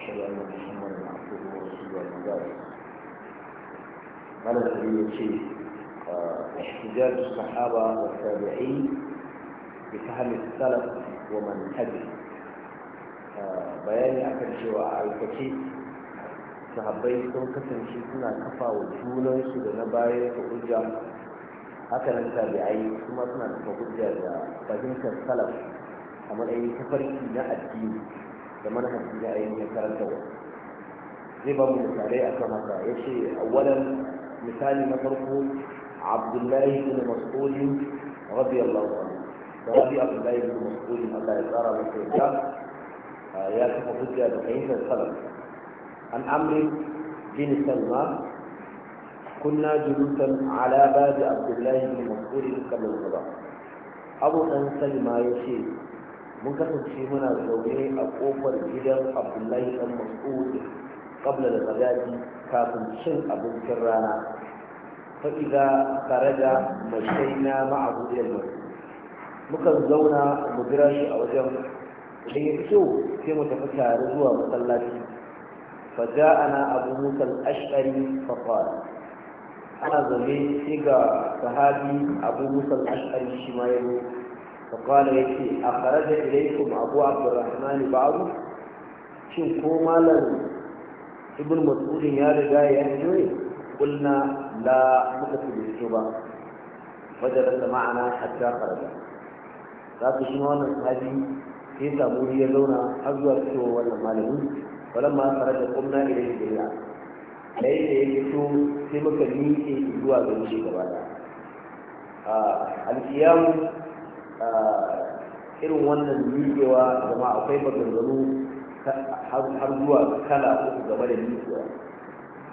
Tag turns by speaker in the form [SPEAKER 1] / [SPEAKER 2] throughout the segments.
[SPEAKER 1] أشهد أن محمد عبده ورسوله أما بعد قال الحبيب الشيخ آه، احتجاج الصحابة والتابعين بفهم السلف ومنهجه آه، بياني أكل شواء الكتيب صحابي كون كتن شيخنا كفى وجهولا يسود نباية وأرجع هكذا التابعين ثم أثناء فقد جاء فهمت السلف أما أي كفر في الدين da manhaji na ainihin karanta wa zai ba mu misalai a kan haka ya ce awalan misali na farko abdullahi bin mas'udin rabi allah da rabi abdullahi bin mas'udin allah ya tsara masa yadda ya kafa hujja da fahimtar salaf an amri bin salma كنا جلوسا على باب عبد الله بن مسعود قبل الصلاة أبو أن سلمى يشير mun kasance muna zaune a kofar gidan abdullahi dan mas'ud qabla da tsagadi kafin cin abincin rana ga tare da mashaina ma'abu da mukan zauna mu jira shi a wajen da ya fito sai mu tafi tare zuwa masallaci fa ja'ana abu musa al-ash'ari fa qala ana zaune sai ga sahabi abu musa al-ash'ari shi ma ya faƙwala ya ce a fara da ilaikum abu abdurrahmani babu shin ko malar ibn matsudin ya riga ya yi ne kulna la muka fi da su ba wajen rasa ma'ana hajja farga za ku shi wannan sahabi sai samu ya zauna har zuwa cewa wannan malamin wannan ma fara da kumna ilai da ya da yake ya fito sai muka miƙe zuwa gari shi gaba da alƙiyamu irin wannan miƙewa zama akwai maganganu har zuwa kala uku game da miƙewa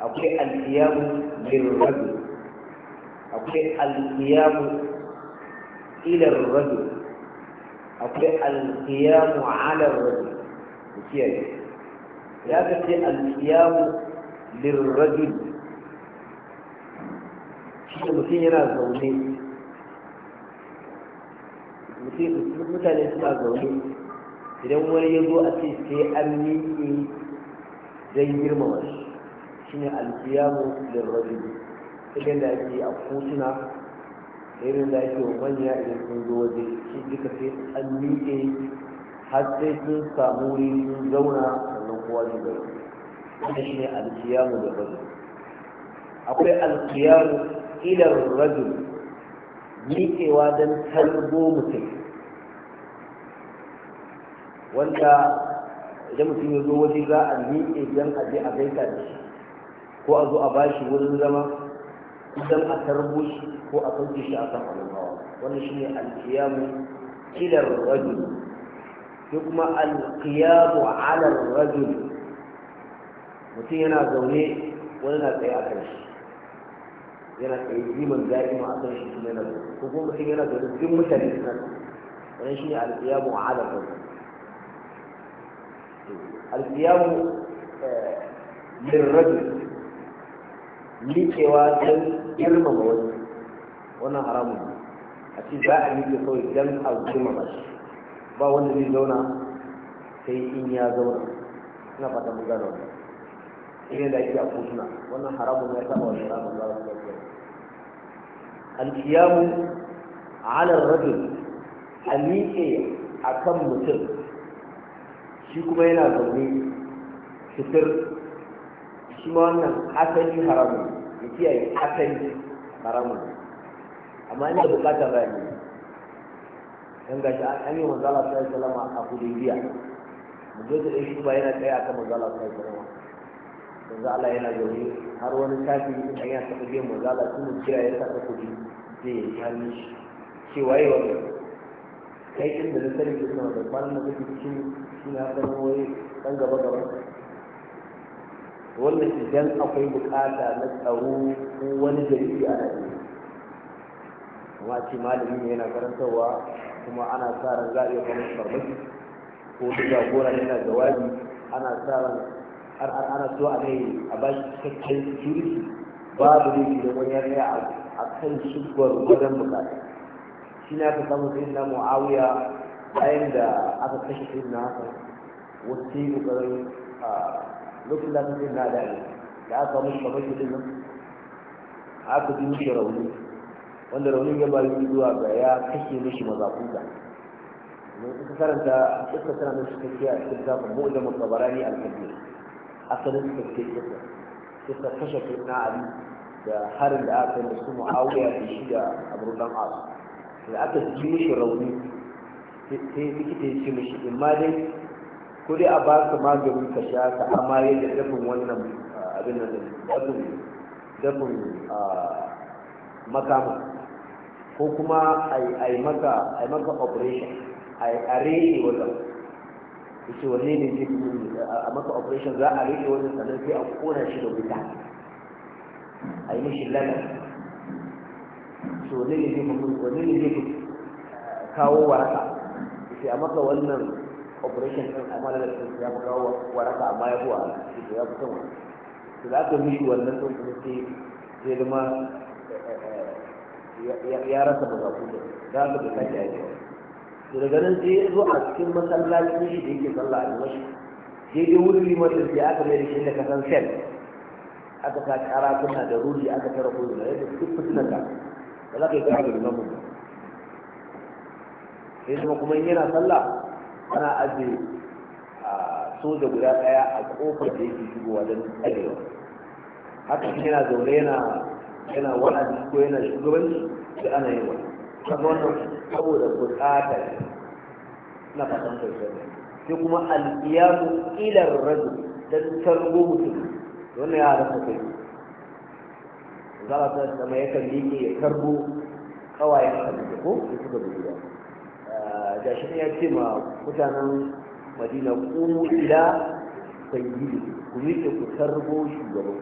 [SPEAKER 1] akwai alkiyamu min rajul akwai alkiyamu ilar rajul akwai alkiyamu alar rajul da kiyaye ya kace ce alkiyamu lirrajul shi mutum yana zaune mutane suna zaune idan wani ya zo a ce sai an miƙe don girmama shi shine alkiyamu da rajulu idan da ake a kotuna irin da ake manya idan sun zo waje shi duka sai an miƙe har sai sun samu wuri sun zauna sannan kowa shi gaba wannan shine alkiyamu da rajulu akwai alkiyamu ilar rajulu miƙewa don talgo mutum wanda idan mutum ya zo waje za a miƙe don a je a gaita da shi ko a zo a bashi wurin zama idan a tarbo shi ko a sauke shi a kan abin hawa wannan shi ne alkiyamu kilar rajul ko kuma alkiyamu alar rajul mutum yana zaune wani na tsaye a kan shi yana tsaye liman da'ima a kan shi kuma yana zaune ko kuma mutum yana zaune duk mutane suna wannan shi ne alƙiyamu a alar zaune alƙiyamu lirrajul eh, miƙewa don girmama wani wannan haramun ne a ce za a miƙe kawai don a girmama shi ba wanda zai zauna sai in ya zauna ina fata mun gano wannan ne da ake a kotuna wannan haramun ya taɓa wani shara ba za su القيام على الرجل a miƙe a kan mutum shi kuma yana zaune fitir shi ma wannan asali haramun ya yi asali haramun amma ina bukata bayani don gashi an yi manzala sallallahu alaihi wasallam a hudaybiya mu je yana yanzu Allah yana zaune har wani kafi an ya taɓa biyan manzo Allah mu kira ya saka kuɗi zai yi hannu shi ce waye wani kai din da na sani ke sama da kwanan na kake cikin shi na san wani ɗan gaba gaba wannan idan akwai bukata na tsaro ko wani jariri a Najeriya amma ce malami ne yana karantarwa kuma ana sa ran za a iya farmaki ko da jagora yana jawabi ana sa ran har an ana so a mai a ba cikakken security babu ne da wani ya tsaya a kan shigwar wajen bukata shi ne aka samu sai na mu'awiya bayan da aka kashe sai na haka wasu yi kokarin lokacin da aka sai na da da aka samu shi kamar nan aka ji mishi rauni wanda raunin ya bayu zuwa ga ya kashe mishi mazakuta domin ita karanta shi kake a cikin zafin mu'ulamin tabarani al-kabir asalin da suke kisa kisa kashe fitna ali da harin da aka yi su mu'awiya da shi da abubuwan asu da aka ji mishi rauni sai likita ya ce mishi in ma dai ko dai a ba ka magani ka sha ka amaye da dafin wannan ah, abin nan da dafin dafin ah, makama ko kuma a yi maka operation a reshe wajen yace wanne ne zai fi a maka operation za a rike wannan sanar sai a kona shi da wuta a yi mishi lana so wanne ne zai fi wanne ne zai kawo waraka yace a maka wannan operation din amma da shi ya fi kawo waraka amma ya fi wahala ya fi son wani to da aka mishi wannan din kuma sai sai zama eh, eh, eh, ya rasa ku da za ka da sake aiki to daga nan sai ya zo cikin masallacin shi da yake sallah a mashi ya dai wuri wanda sai aka mai shi da kasan sel aka sa karatuna da ruri aka tara ko da yadda duk fitinan ka ba za ka yi kara da limamu ba sai kuma kuma in yana sallah ana ajiye a soja guda daya a kofar da yake shigowa don tsarewa haka yana zaune yana yana wa'azi ko yana shugabanci da ana yi wani kaga wannan saboda buƙatar na fatan sosai sai kuma alƙiyamu ilar rajul don tarbo mutum wannan ya halatta kai za a san sama yakan liƙe ya tarbo kawayen abinci ko ya suka bi gida da ah, shi ya ce ma mutanen madina kumu ila sayyidi ku miƙe ku tarbo shugaban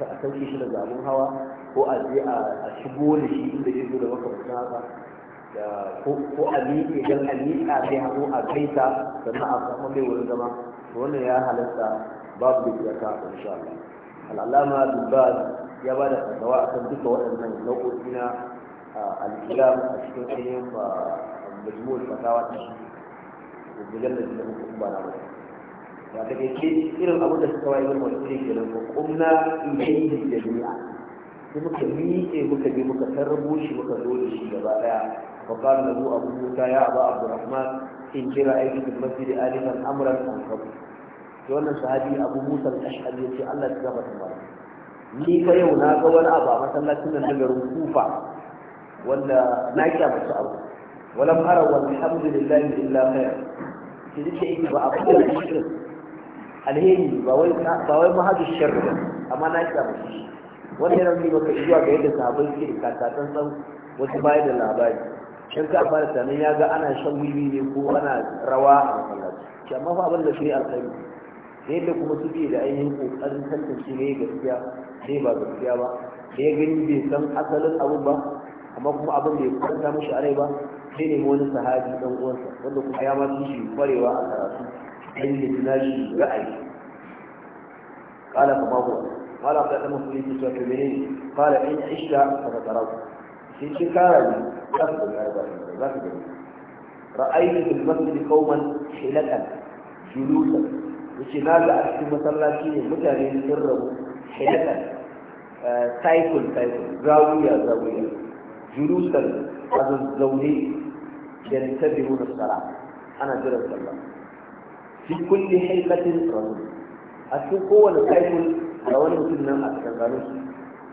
[SPEAKER 1] a sauke shi da zamun hawa ko a je a shigo da shi inda zai zo da makamantan haka ko a miƙe don a miƙa mai hannu a kai ta sannan a samu mai wurin zama wannan ya halatta babu da ya ka insha Allah al'alama dubbaz ya ba da fatawa akan duka waɗannan nau'o'i na al'islam a cikin ainihin majmu'ul fatawa ta mujallabi da muka kuma na mutum ba ta kai irin abu da suka wayi wani wasu ne ke nan ko kumna ilayhi jami'a sai muka miƙe muka bi muka tarbo shi muka zo da shi gaba ɗaya وقال له أبو موسى يا أبا عبد الرحمن إن رأيت في المسجد آلفا أمرا أنقض wannan sahabi abu musa da al-ashhari yace Allah ya gabata mara ni fa yau na ga wani abu a masallacin nan daga kufa wanda na kyamata abu Wani ara walhamdulillahi illa khair ki dace in ba abu da shirin alheri ba wai ba wai mahadu ba amma na kyamata shi wannan yana nuna maka zuwa ga yadda sahabbai suke da kakatan san wasu baya da labari shan ka da sanin ya ga ana shan wiwi ne ko ana rawa a masallaci shi amma fa abin da shi alkhairi da kuma su biye da ainihin kokarin tantance ne gaskiya ne ba gaskiya ba da ya gani bai san asalin abin ba amma kuma abin da ya kwanta mishi a rai ba sai ne wani sahabi dan uwansa wanda kuma ya ma shi kwarewa a karatu dan da shi ra'ayi قال فما هو قال قد مسلم في سورة قال إن عشت فتتراه sai shi kara ne za su gani ya zafi za su gani ra'ayi da kauman shilakan julusa da na ga ake masallaci ne mutane da sun rabu shilakan eh, taifun taifun zawuya zawuya julusa a zazzaune da ta biyu da tsara ana jiran sallah shi kulle haifatin rasul a kowane taifun a wani mutum nan a cikin ranar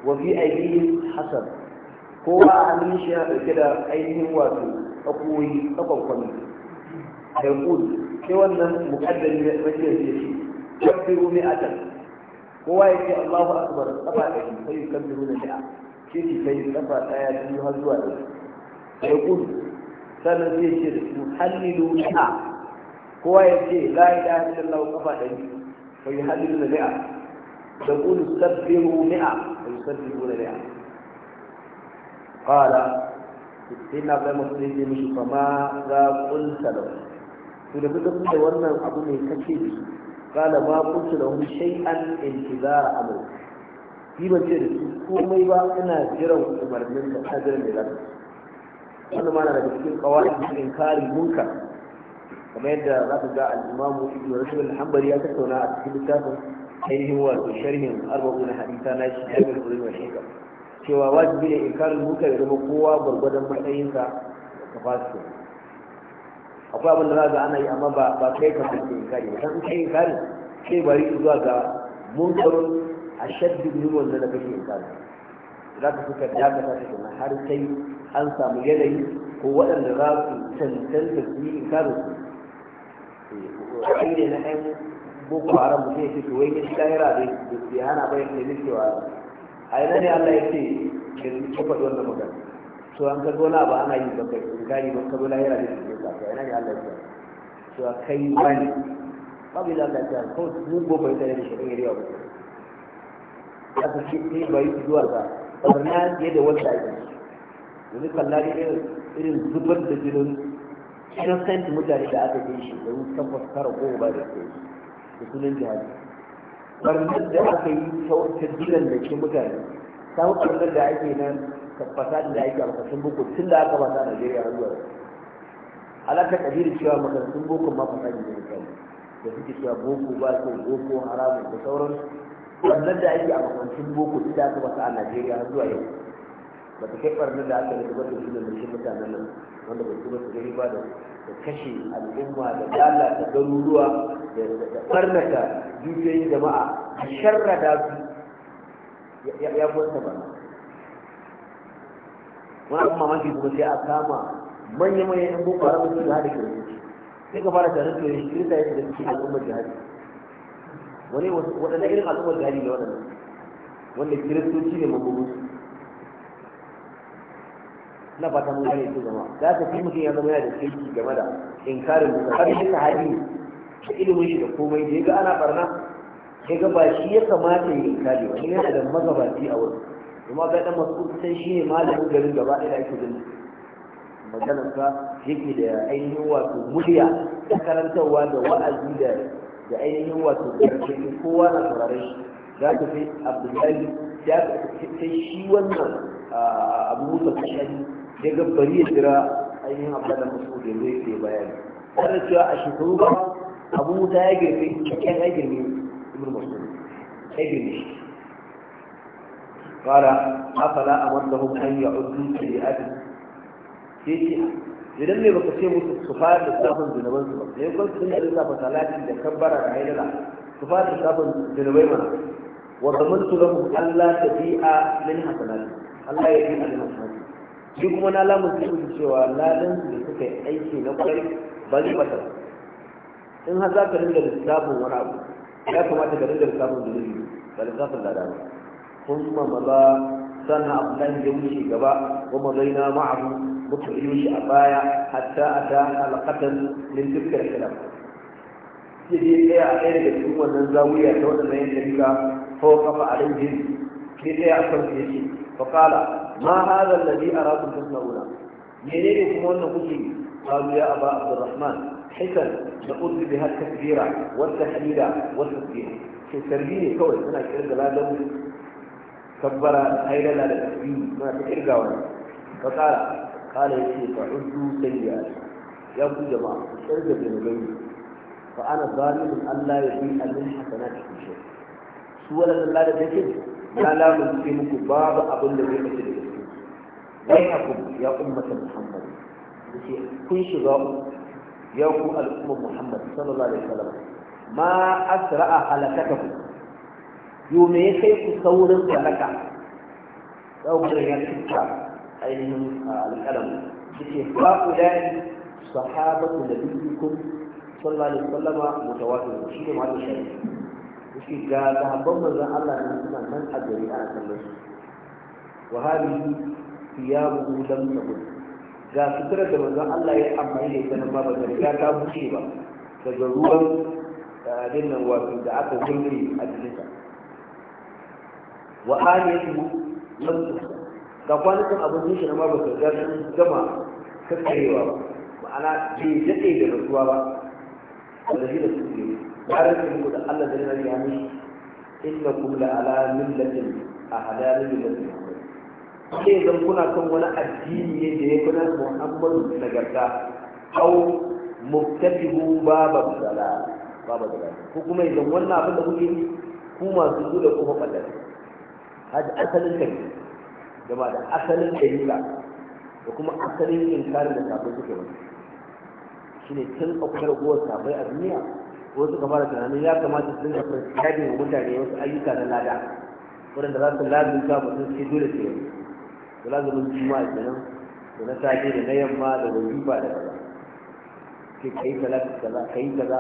[SPEAKER 1] wa aiki hasar kowa a hannun shi yana ɗauke da ainihin wato tsakoyi tsakon da kudu sai wannan mukaddari muƙaddari ne wacce ya ce rumi a can kowa ya ce Allahu akbar kafa shi sai yi kabbiru da da'a ce ce kai kafa ɗaya biyu har zuwa ɗari sai kudu sannan zai ce da su hallilu da'a kowa ya ce la ilaha illallah kafa shi sai hallilu da da'a da kudu sabbiru ni'a sai sabbiru da da'a qala inna ba musulmi ne mishi fama za kunta da to da kuka da wannan abu ne kace da qala ma kuntu lahum shay'an intizara amr shi ban ce da su komai ba ina jiran umarnin da ta jiran da za su wannan ma na daga cikin kawai da inkari munkar kamar yadda za ka ga al-imamu ibn rashid al-hanbali ya tattauna a cikin littafin ainihin wato sharhin na hadisa na shi da ibn rashid al cewa wajibi ne inkarin muka ya zama kowa gwargwadon matsayinsa da fasu akwai abin da za ga ana yi amma ba kai ka fahimci inkari ba san in kai inkari sai bari zuwa ga munkarun a shaddi gudunmu da na kashe inkari za ka suka ka ta kuma har sai an samu yanayi ko waɗanda za su cancanta su yi inkarin su ai eh, ne na ɗan boko haram mutum ya ce to wai ne shi ɗahira bai hana bai ne cewa a yana ne Allah ya ce ke zuci faɗi wannan magana to an ka zo na ba ana yi ba kai ba ka zo na yana da su ne ka yana ne Allah ya ce to kai wani ba ila Allah ya ce ko mu gobe ta ne shi ne yau a ta ce ne bai zuwa ba barna ya da wata ake yanzu kallari irin zubar da jinin innocent mutane da aka yi shi da wuce takwas tara goma ba da ke da sunan jihadi barnar da aka yi ta gidan da ke mutane ta barnar da ake nan tabbata da ake alkasun boko tun da aka bata Najeriya har zuwa alaka kabiru cewa makarantun boko ma fasadi da mutane da suke cewa boko ba su boko haramun da sauran barnar da ake a makarantun boko tun da aka bata a Najeriya har zuwa yau ba ta kai barnar da aka yi da wata da shi mutanen nan wanda ba su ba su gani ba da da kashe al'umma da lalata garuruwa da farnata dukiyoyin jama'a a sharrada su ya kwanta ba wani abin mamaki kuma sai a kama manya-manyan yan boko haram su da hada sai ka fara tare da kirista yake da suke al'ummar jihadi wani wadannan irin al'ummar jihadi ne waɗannan wanda kiristoci ne su na fata mun gane su zama za ta fi mutum ya zama yana da kirki game da inkarin mutum har yi sahabi da ilimin shi da komai da ya ga ana barna ya ga ba shi ya kamata ya yi inkari ba yana da magabaci a wurin kuma ga dan masu sai shi ne malamin garin gaba ɗaya da ake gani ka yake da ainihin wato murya da karantarwa da wa'azi da da ainihin wato karfin kowa na saurare shi za ta fi abdullahi ya sai shi wannan ah, abu musa kashani يجب طريق جراء أيها أبدال المسؤول يريد في بيان أردت يا أشهر أبو موتى أجر في كان أجر من ابن المسؤول أجر مش قال أفلا أمرهم أن يعدوا في أبن سيتي لدم يبقسي موسى صفار لصابن بنوان سبب يقول سنة الله فتالات إذا كبر عين الله صفار لصابن بنوان وضمنت لهم ألا تبيع من حسنات الله يجب أن shi kuma na lamun su yi cewa ladan su da suka yi aiki na kwarai ba zai bata in har za ka dinga lissafin wani abu ya kamata ka dinga lissafin zunubi ba lissafin lada ba kuma maza sana abdullahi ya wuce gaba wa mazaina ma'ahu muka yi shi a baya hatta a ta alaƙatan min dukkan kalam sai dai ɗaya a ɗaya daga cikin wannan zawiya ta waɗannan yan tarika ko kafa alaihim sai ɗaya a kan su yake fa ma hadha alladhi arakum tasnauna menene kuma wannan kuke qalu ya aba abdurrahman hikan da urdu biha takbira wa tahlila wa tasbih ke tarbi ne kawai suna kirga ladan kabbara haidala da tasbih suna ta kirgawa fa qala qala yace fa'uddu sayyi'at ya ku jama'a kirga zunubai fa ana zalimin Allah ya bi alin hasanati shi su wala Allah da take ya lamun sai muku babu abin da zai kace bainakum ya ummata muhammad yace kun shiga ya ku al'ummar muhammad sallallahu alaihi wasallam ma asra'a halakatakum yo me ya kai ku saurin halaka saboda ya tuka ainihin alƙalam yace fa ulai sahabatu nabiyyikum sallallahu alaihi wasallam mutawatir shi ne ma'anar shari'a yace ga sahabban Allah ne suna nan a gari ana kallon siyamu lam tabun ga sutura da manzon Allah ya amfani da ita na ba ba ta ta bushe ba daga ruwan eh, abin nan wato da aka gurgure a cikin ta wa aliyatu lam tabun ga kwanukan abin shi na ma ba su riga sun gama kakkarewa ba ma'ana bai daɗe da rasuwa ba wanda shi da su ne ya rage muku da Allah da ya rage Inna innakum la ala millatin a hadarin millatin sai zan kuna kan wani addini ne da ya kuna muhammadu nagarta au mubtadihu baba sala baba sala ko kuma idan wannan abin da kuke yi ku masu zuwa kuma kallon hada asalin kai gaba da asalin dalila da kuma asalin inkarin da sabai suke wani shine tun akwai ragowar sabai a duniya wasu suka fara tunanin ya kamata su dinga prescribing wa mutane wasu ayyuka na lada waɗanda za su lalata mutum sai dole su yi da lazumin juma'a kenan da na safe da na yamma da wajiba da kaza ke kai salati kaza kai kaza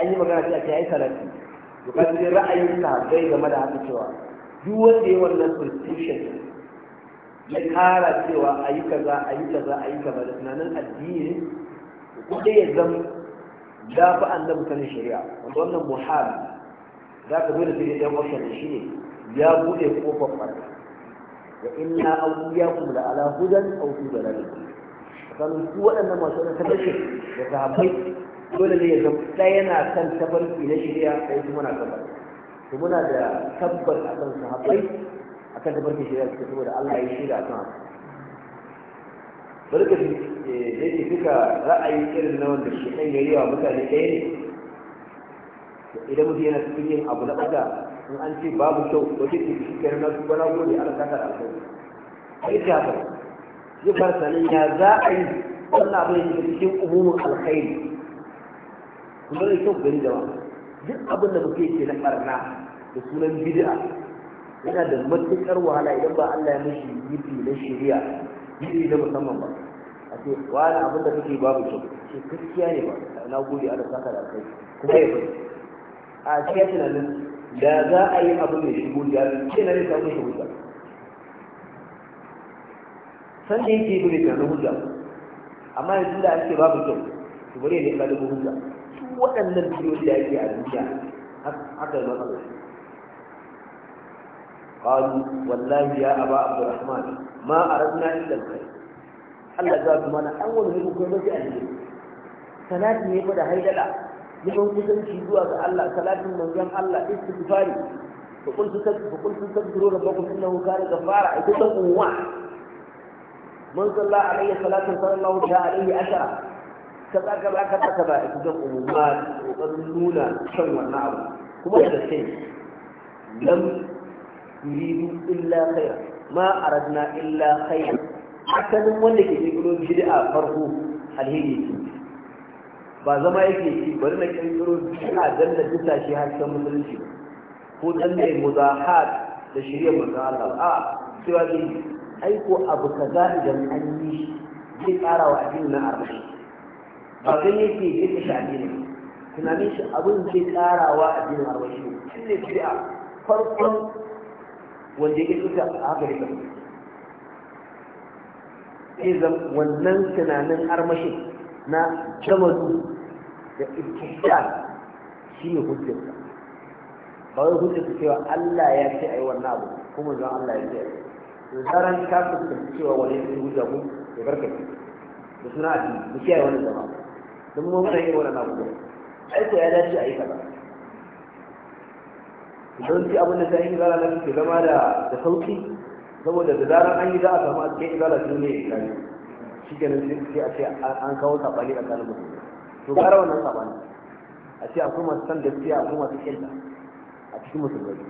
[SPEAKER 1] an yi magana sai a ce ai salati to ka ji ra'ayin sahabbai game da haka cewa duk wanda ya wannan prescription ya kara cewa a yi kaza a yi kaza a yi kaza da tunanin addini ko dai ya zama da fi annabi sanin shari'a wanda wannan muhal za ka zo da sai ɗan option shi ne ya buɗe kofar ɓarka wa inna awliyakum la ala hudan aw fi dalalin kan su waɗannan masu wannan tabbaci da sahabbai dole ne ya zama ɗaya na kan tabbaci na shari'a sai kuma na tabbaci to muna da tabbas akan sahabbai akan tabbaci shari'a suka saboda Allah ya shirya akan bari eh, da yake duka ra'ayi irin na wanda shi ɗan yayi wa mutane ɗaya ne idan mutum yana cikin abu na ɓaga in an ce babu kyau ko ce da shi kenan na duba na gode ala kaka da alkhairi sai ta haka zai bar sanin ya za a yi wannan abin da cikin umumin alkhairi kuma da kyau gari da duk abin da muke ke na barna da sunan bid'a yana da matuƙar wahala idan ba Allah ya mishi yifi na shari'a yifi na musamman ba a ce wani abin da kake babu kyau ce gaskiya ne ba na gode ala kaka da alkhairi kuma ya bari a cikin tunanin da za a yi abin mai shigo da ke na zai samu shi hujja san da yake yi bai karbi hujja amma yanzu da ake babu kyau su bari ne ka dubu hujja su waɗannan bidiyoyi da yake a duniya haka zama da shi قالوا والله يا أبا عبد الرحمن ما أردنا إلا الخير Allah za su mana an wani hudu kuma a alheri salati ne fa da haidala neman kusanci zuwa ga Allah salatin manzon Allah istighfari fa qul fa qul tastaghfiru rabbakum innahu kana ghafara ai kusan uwa man salla alayhi salatan sallallahu alaihi ashara kaza ka kaza ba, ai kusan umma kokarin nuna kan wannan abu kuma da sai lam yuridu illa khaira ma aradna illa khaira hakanin wanda ke kirkiro bid'a farko alheri ba zama yake ci bari na kirkiro suna danna bisa shi har san musulunci ko dan da muzahad da shirya manzo Allah a cewa Ai aiko abu kaza idan an yi shi zai ƙara wa addini na armashi ba zai yake yake shi addini tunanin shi abin zai ƙara wa addinin armashi shi ne shari'a farkon wanda ya suka a haka da sai wannan tunanin armashin na jamanu da ibtihsan shi ne hujjarsa ba wai hujjarsa cewa Allah ya ce ai wannan abu kuma zan Allah ya ce da zaran ka fuskanci cewa wani ya ce hujja mu ya barkace da suna addini mu kiyaye wannan zama don mu muna yi wannan abu ai ko ya dace a yi kaza don shi abin da ta yi zara na ke zama da sauki saboda da zarar an yi za a samu a cikin izala su ne ya yi shi ganin sai a ce an kawo saɓani a kanin mutum to gara wannan sabani a ce akwai masu san a akwai su kinta a cikin musulmai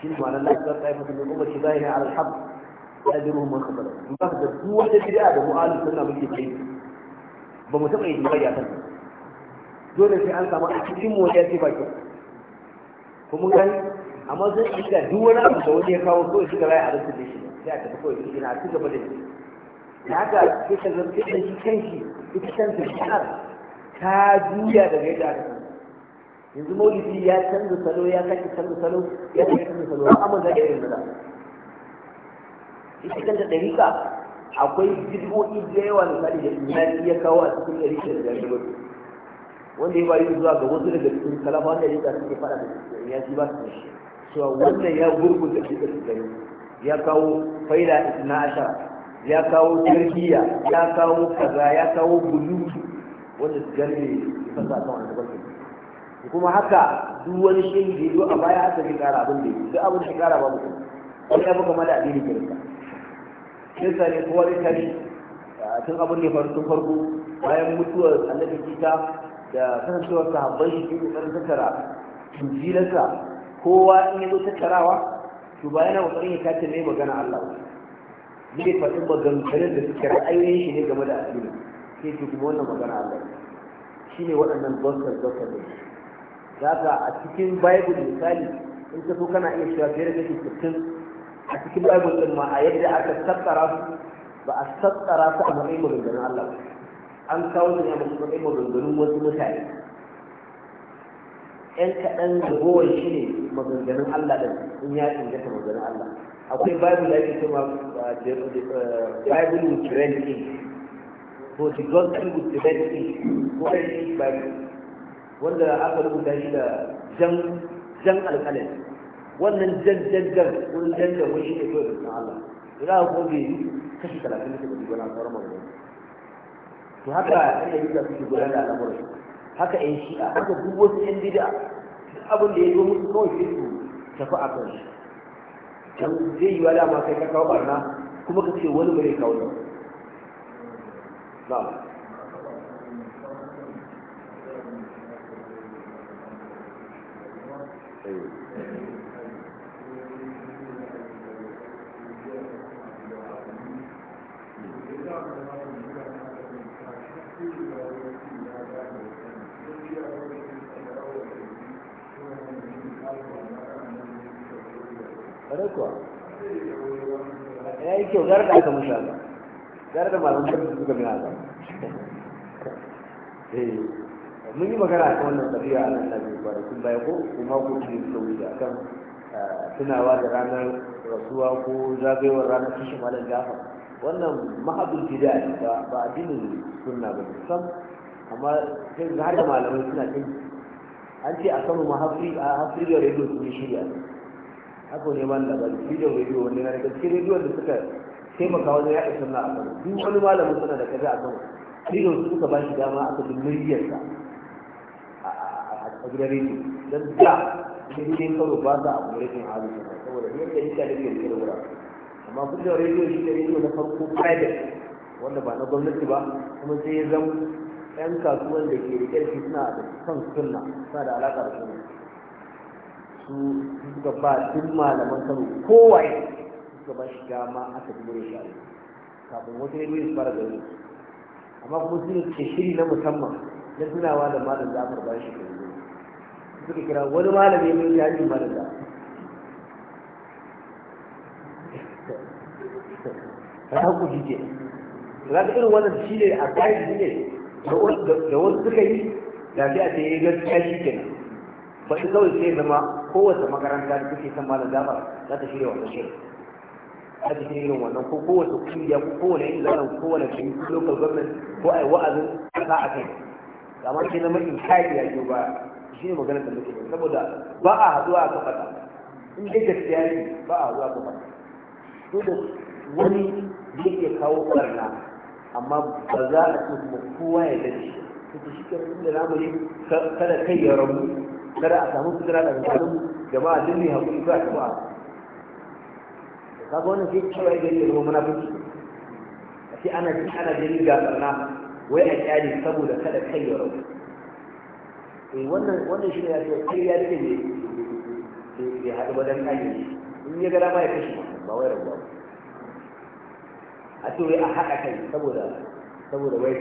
[SPEAKER 1] shi ne ma'anar lafi zai tsaye musulmai kuma shi zai ne alhab ya jiru mun kamar ba ka da duk wata bid'a da mu'alif sunna muke kai ba mu taɓa yin jima'i a kan dole sai an samu a cikin mu wani ya ce ba kyau kuma gani amma zai shiga duk wani abu da wani ya kawo kawai shiga rai a rasu da shi sai a tafi kawai shi na ci gaba da shi da haka sai ka zarce da shi kan shi ita kan shi shi'ar ta juya daga yadda aka san yanzu maulidi ya canza salo ya sake canza salo ya sake canza salo har amma za ka irin da ita kanta ɗarika akwai jirgo'i da yawa misali da imani ya kawo a cikin ɗarika da jami'ar wanda ya bayu zuwa ga wasu daga cikin salafa wanda ya suke fara da ya ji ba su shi cewa wannan ya gurgunta ɗarikar su gani ya kawo faida na ashara ya kawo tarbiyya ya kawo kaza ya kawo bulutu wanda su ne su fasa kan wani tabarkin kuma haka duk wani shehi da ya a baya haka zai kara abin da ya duk abin da ya kara ba mutum wani abu kama da addinin kirista sa. ne kowa zai tashi tun abin da ya faru tun farko bayan mutuwar annabi kita da kasancewar sahabban shi ke kokarin tattara tunjilarsa kowa in ya zo tattarawa to ba yana kokarin ya kace ne magana Allah ne. zai faɗi maganganun da suke ra'ayoyin shi ne game da addinin sai ke kuma wannan magana Allah shi ne waɗannan bosses bosses ne za ka a cikin bible misali in ka so kana iya shiga fiye da kashi sittin a cikin bible ɗin ma a yadda aka tattara su ba a tattara su a matsayin maganganun Allah an kawo su ne a matsayin maganganun wasu mutane ƴan kaɗan da gowar shi ne maganganun Allah ɗin in ya inganta maganganun Allah akwai bible da ake cewa uh, uh, bible with for the gospel with the best thing ko ainihin bible wanda aka rubuta shi da jan jan alƙalami wannan jan jan jan wani jan jan wani ne ko yadda Allah za a kuma bai yi kashi talatin da suka gudana sauran magana to haka ina yi da suke gudanar da al'amuran haka yan shi'a haka duk wasu yan bid'a abin da ya zo musu kawai sai su tafi a kan shi zai yi wa dama kai ka kawo barna kuma ka ce wani bare kawo na'am Kare ya yi kyau garda ka musa ba. tare da malamin da suka gina ba eh, mun yi magana akan wannan tafiya a nan nabi kwanakin baya ko kuma ko cikin da akan eh, tunawa da ranar rasuwa ko zagayowar ranar kishin wannan ne ba addinin sunna ba sam amma sai har da malamai suna cin an ce a kano ma a hafri da rediyo sun shirya haka ne ma labari bidiyon rediyo wani na daga cikin rediyon da suka taimaka wajen yaɗa sunna na akwai duk wani malamin suna da kaza a kano idon su suka ba shi dama aka bi miliyarsa a gidan rediyo don da jirgin kawai ba za a kuma rikin halin sunna saboda yadda yake da yake da wura amma kun da rediyo shi da rediyo na farko private wanda ba na gwamnati ba kuma sai ya zama yan kasuwan da ke riƙe shi suna da kan suna suna da alaƙa da sunna su suka ba duk malaman kano kowaye suka ba shi dama aka ji wurin sha'ani kafin wata yanzu su fara gari, amma kuma suna ke shiri na musamman na tunawa da malam da aka ba shi gani suka kira wani malami mai jami'in malam da ka ta ku jike za ka irin wannan shi ne a kayan shi ne da wasu suka yi da fi a tsaye ya gaskiya shi kenan ba shi kawai sai zama kowace makaranta da kuke san malam da za ta shirya wannan shirin a cikin irin wannan ko kowace kungiya ko kowane yin zanen kowane shi local government ko a yi wa'azin kasa a kai amma ke na mai kai ya yi ba shi ne magana da muke saboda ba a haɗuwa a kafa in dai gaskiya ne ba a haɗuwa a kafa to da wani zai iya kawo ɓarna amma ba za a ce kuma kowa ya dace kuma shiga ke da namuri kada kai ya rabu kada a samu kudura daga garin jama'a duk ne haƙuri ba a kaga wannan sai cewa ya gari ya zama munafiki a ce ana ji ana gari ga barna wai a kyale saboda kada kai ya rabu eh wannan wannan shi ne ya ce kai ya rike ne bai haɗu ba dan in ya gara ma ya kashe ba wai rabu a ce wai a haɗa kai saboda saboda wai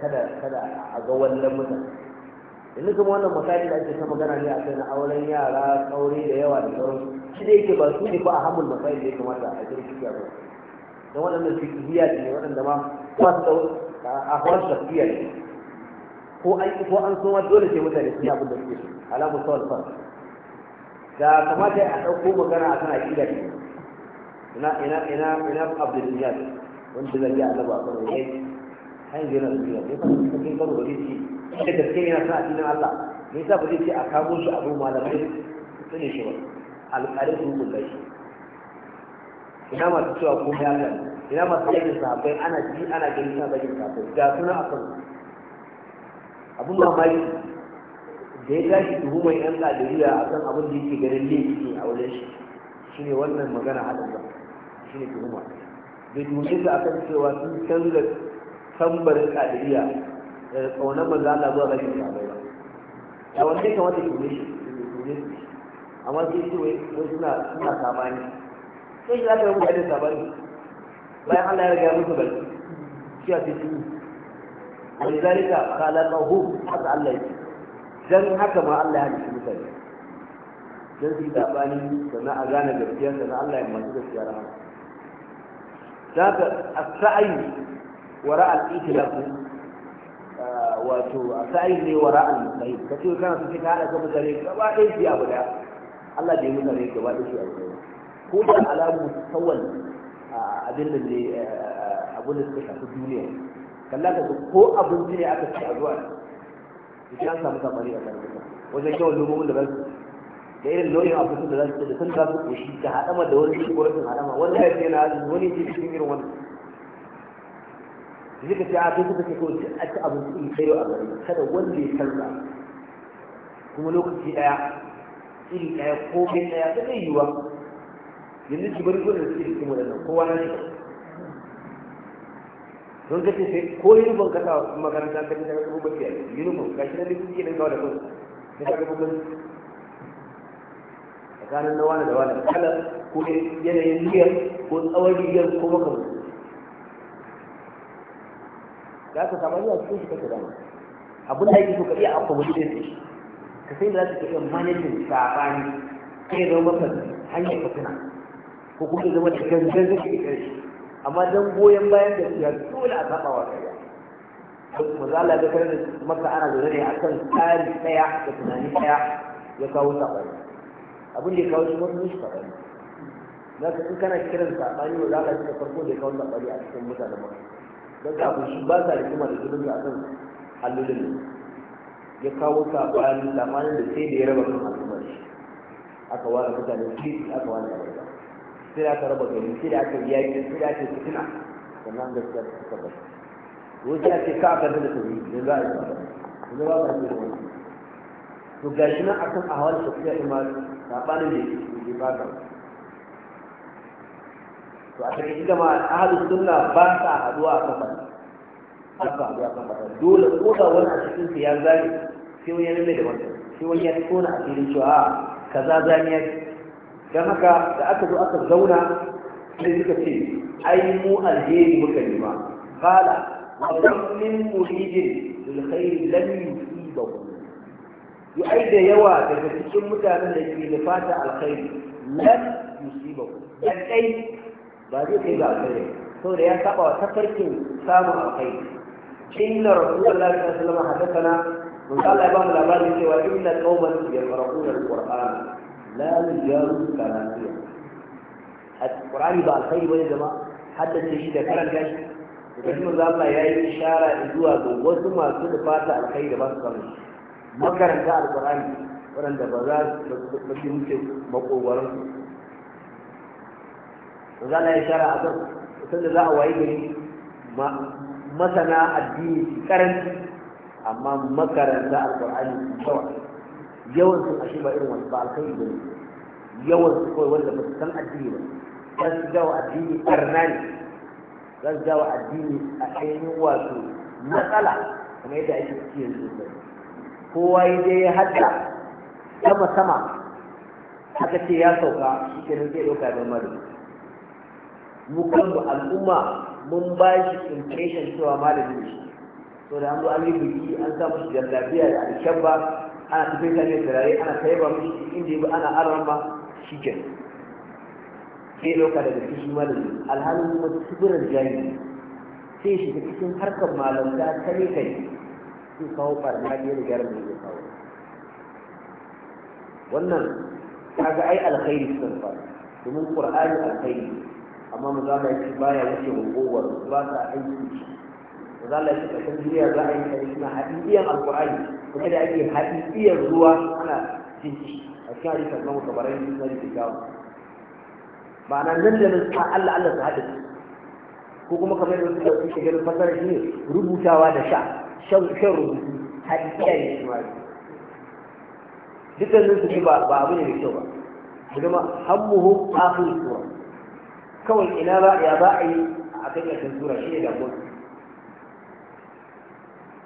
[SPEAKER 1] kada kada a ga wannan mutane yanzu kuma wannan misali da ake ta magana ne a kai na auren yara kauri da yawa da sauransu shi da yake ba su ne ba a hamul masai da ya kamata a jirgin shi ba don waɗannan fiqhiyya ne waɗanda ma ba su da ahwal shafiya ne ko an ko an so ma dole sai mutane su yi abin da suke so alamu sawal far da kamata a ɗauko magana a kan aƙida ne ina ina ina ina abdul niyaz wanda zai yi annaba a kan wani hanyar yana zuwa ne fa su kai karo da shi da gaske yana sa addinin Allah ne sa ba zai ce a kamo shi abu malamai su ne shi ba alƙalin rukun shi. ina masu cewa ya haka ina masu yakin sahabbai ana ji ana gani ta bakin sahabbai ga suna a kan abun mamaki da ya tashi tuhumar yan ƙadiriya a kan abin da yake ganin laifi ne a wajen shi shi ne wannan magana haɗin ba shi ne tuhuma bai tuhume su akan cewa sun canza tambarin ƙadiriya daga eh, ƙaunar manzo Allah zuwa bakin sahabbai ba a wanda ya kamata tuhume shi tuhume amma sai ce wai suna suna sabani sai shi za ka yi mutane sabani bayan Allah ya riga musu bari shi a cikin wani zalika khalaqahu haka Allah ya ce dan haka ma Allah ya halitta mutane dan su yi sabani sannan a gane gaskiya sannan Allah ya masu gaskiya rahama ذاك السعي وراء الإتلاف wato a sa'in ne wa ra'an mustahil ka ce kana su cikin haɗa kan mutane gaba ɗaya su abu daya الله جي يقول لك جواب شيء أو هو على مستوى أبين اللي أقول لك إيش في الدنيا كلا كتب هو أبو الدنيا أكثر شيء أدوان أنا سامي سامي أكثر شيء وزي كده اللي بقول لك غير اللي هو أبو الدنيا أكثر شيء سند هذا وش جهات ما دور شيء كورس هذا ما ولا هي كنا هوني شيء شيء غيره إذا كنت عارف إذا كنت تقول أنت أبو الدنيا خير أبو الدنيا هذا ولا يسلم كم لوك في Ka ya ko mai ɗaya ta zai yiwuwa yanzu bari gudun suke cikin nan kowa na shi don ka ce ko yunifon ka sa makaranta ka ta ga babban biyar yunifon ka shi na duk suke nan kawai da kansu ta ga babban tsakanin na wani da wani kalar ko yanayin niyyar ko tsawon rigar ko makamansu za ka samu yawa cikin shi kake dama abin da yake so ka iya akwai wani da ya ka sai da za ka iya manajin sabani kai zama maka hanyar fasina ko kuma ya zama da gangan zai ke ƙarshe amma don goyon bayan da ya dole a saba wa a mazala da kare maka ana zaune ne a kan tsari ɗaya da tunani ɗaya ya kawo saɓani abin da ya kawo shi wani shi saɓani za ka in kana kiran saɓani wa zala da farko da ya kawo saɓani a cikin mutanen ba. don kafin shi ba sa da kuma da zulunci a kan allolin ya kawo sabanin sabanin da sai da ya raba kan al'ummar shi aka ware mutane kirki aka ware rayuwa sai da aka raba gari sai da aka yaki sai da aka fitina sannan gaskiya ta suka bari wasu ya ce ka a kan da tauri da za a yi ba da ba ba da wani to gashi nan akan a hawar shafiya ima sabanin da ya ba ka to a cikin gama ahalus sunna ba sa haduwa a kan ba ba sa haduwa a kan ba dole ko da wani a cikin su ya zai sai wani ya da wata sai wani ya tona a filin cewa a ah, kaza zaniya don haka da aka zo aka zauna sai suka ce ai mu alheri muka nema qala wa kam min muridin lil khair lam yusibahu yi ai da yawa daga cikin mutanen da ke da fata alkhairi lam yusibahu dan kai ba zai kai ga alkhairi saboda ya saba wa tafarkin samun alkhairi inna rasulullahi sallallahu alaihi wasallam hadathana Misalnya Imam Al-Abadi Tewa Inna Qawman Yang Merakul Al-Quran La Jaru Kanatir Al-Quran Iba Al-Khayri Bani Zama Hatta Tishida Karan Kash Bukan Imam Zama Ya Ibn Shara Idua Bu Wazuma Sudu Fata Al-Khayri Bani Zama Makaran Ka Al-Quran Quran Da Bazaar Maki Mucu Maku Waran Misalnya Ibn Shara Atar Sudu Zawa Ibn Masana Ad-Din Karan amma makaranta alƙur'ani su kawai yawan su ashe ba irin wasu ba alkhairi ba ne yawan su kawai wanda ba su san addini ba za su jawo addini ɓarna ne za su jawo addini a ainihin wato matsala kamar yadda ake ciki yanzu kowa yi dai ya hadda sama sama aka ce ya sauka shi kenan zai ɗauka da mara. mu kanmu al'umma mun ba shi intention cewa malamin shi to da an zo an yi biki an sa mushi da lafiya da alkyabba ana tafi ta ne turare ana kai ba mushi inda ba ana aron ba shi ke sai ɗauka daga cikin malami alhalin kuma tuburan jami'i sai shi da cikin harkar malanta ta ne kai sai kawo ɓarna ne da gyara mai kawo wannan ta ga ai alkhairi suka faru domin qur'ani alkhairi amma mu za mu yi baya wuce mu kowar ba ka aiki za Allah ya san duniya za a yi kai suna hadiyan alqur'ani kuma da ake hadiyan ruwa ana jinki a cikin hadisi kan muka barai na rigawa ma'ana nan da nan sa Allah Allah ta hadisi ko kuma kamar yadda suka suke ganin fasara shi ne rubutawa da sha shan shan rubutu hadiya ne shi ma dukkanin su ba ba abu ne mai kyau ba kuma hammuhu akhir sura kawai ina ba ya ba a yi a kan yakin tura, shi ne da mutum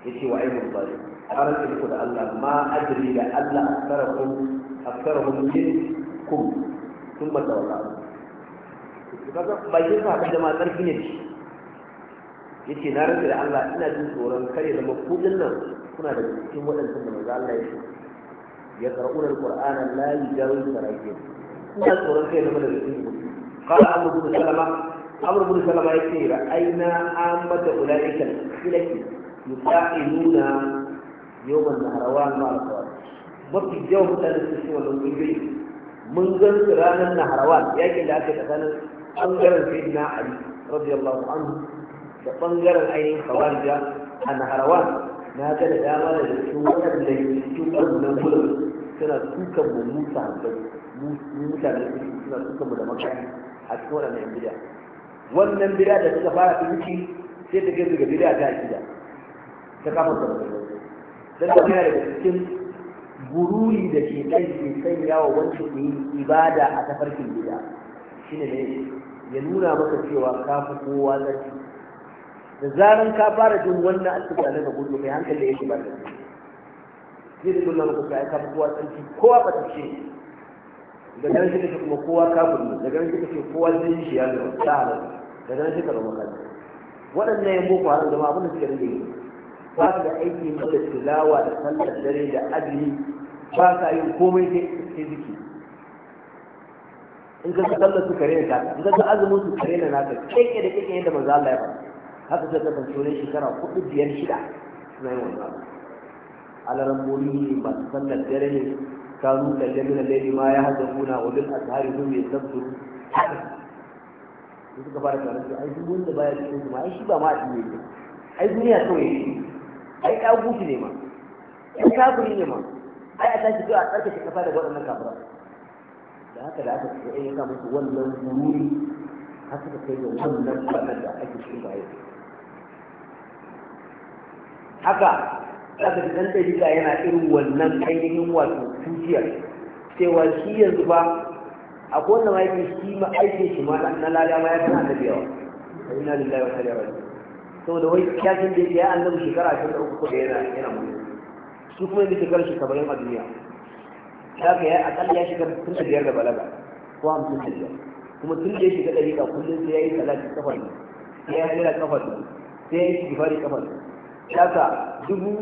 [SPEAKER 1] yace wa ayyul zalim A'a da ku da Allah ma adri da Allah aktharakum aktharakum minkum mata tawalla kaga bakin sa da jama'a tsarki ne yace na rantsa da Allah ina jin tsoron kare da makudin nan kuna da cikin waɗansu da Allah ya ya qara'una alqur'ana la yujawizu sarajin ina tsoron kai da madadin قال عمرو بن سلمة عمرو بن سلمة يقول رأينا عامة أولئك الخلق yusa'iluna yawman naharawan ma'al kawai mafi yawan mutane su ce wannan gungun mun gan su ranar naharawan yakin da aka yi tsakanin ɓangaren sayyidina ali radiyallahu anhu da ɓangaren ainihin kawarja a naharawan na ga da dama da su waɗanda ke cikin wannan gudun suna tukan mu musa hankali mu mutane suna tukan mu da makani a cikin waɗannan yan bida wannan bida da suka fara tuki sai ta kai daga bida ta gida ta kafin da don da mai daga cikin gururi da ke kai ke sanya wa wancan da yi ibada a tafarkin gida shi ne ya nuna maka cewa ka fi kowa zarki da zaran ka fara jin wannan asibiti na gudu mai hankali da yake ba da shi zai nuna maka cewa ka fi kowa tsarki kowa ba ta ce da ganin shi kake kuma kowa kafin ne da ganin shi ce kowa zai shi ya zama ta halar da ganin shi ka zama kafin waɗannan yan boko haram zama abin da suke rage yi ba su da aiki da tilawa da sallar dare da azumi ba sa yin komai sai ziki in ka ga sallar su kare ka in ka ga azumin su kare na naka keke da keke yadda manzo Allah ya faɗa haka sai ka san sore shekara kuɗi biyar shida suna yin wannan abu alaran boli ne su sallar dare ne kanu kalle min al-layli ma ya kuna wa bil ashari hum yastabsuru in suka fara tare da ai duk wanda baya cikin su ma ai shi ba ma a ne ai duniya kawai ai ka gutu ne ma ai kafiri ne ma ai a tashi kai a shi kafa da waɗannan kafara da haka da haka sai ai ya musu wannan zuri har suka kai da wannan ɓarnar da ake cikin ba haka. haka zaka dan ɗan dalila yana irin wannan ainihin wato tujiyar cewa shi yanzu ba a kowane ma yake shi ma aikin shi ma na lalama ya fi na annabi yawa inna lillahi wa ta'ala saboda wai kyakin da ya annabi shekara ashirin da uku da yana yana mulki su kuma yanzu shekarar shi saba'in a duniya ka yi akalla ya shiga tun da biyar da balaga ko hamsin da biyar kuma tun da ya shiga ɗari ka kullum sai ya yi talatin kafar sai ya tsira kafar sai ya yi gifari kafar ka dubu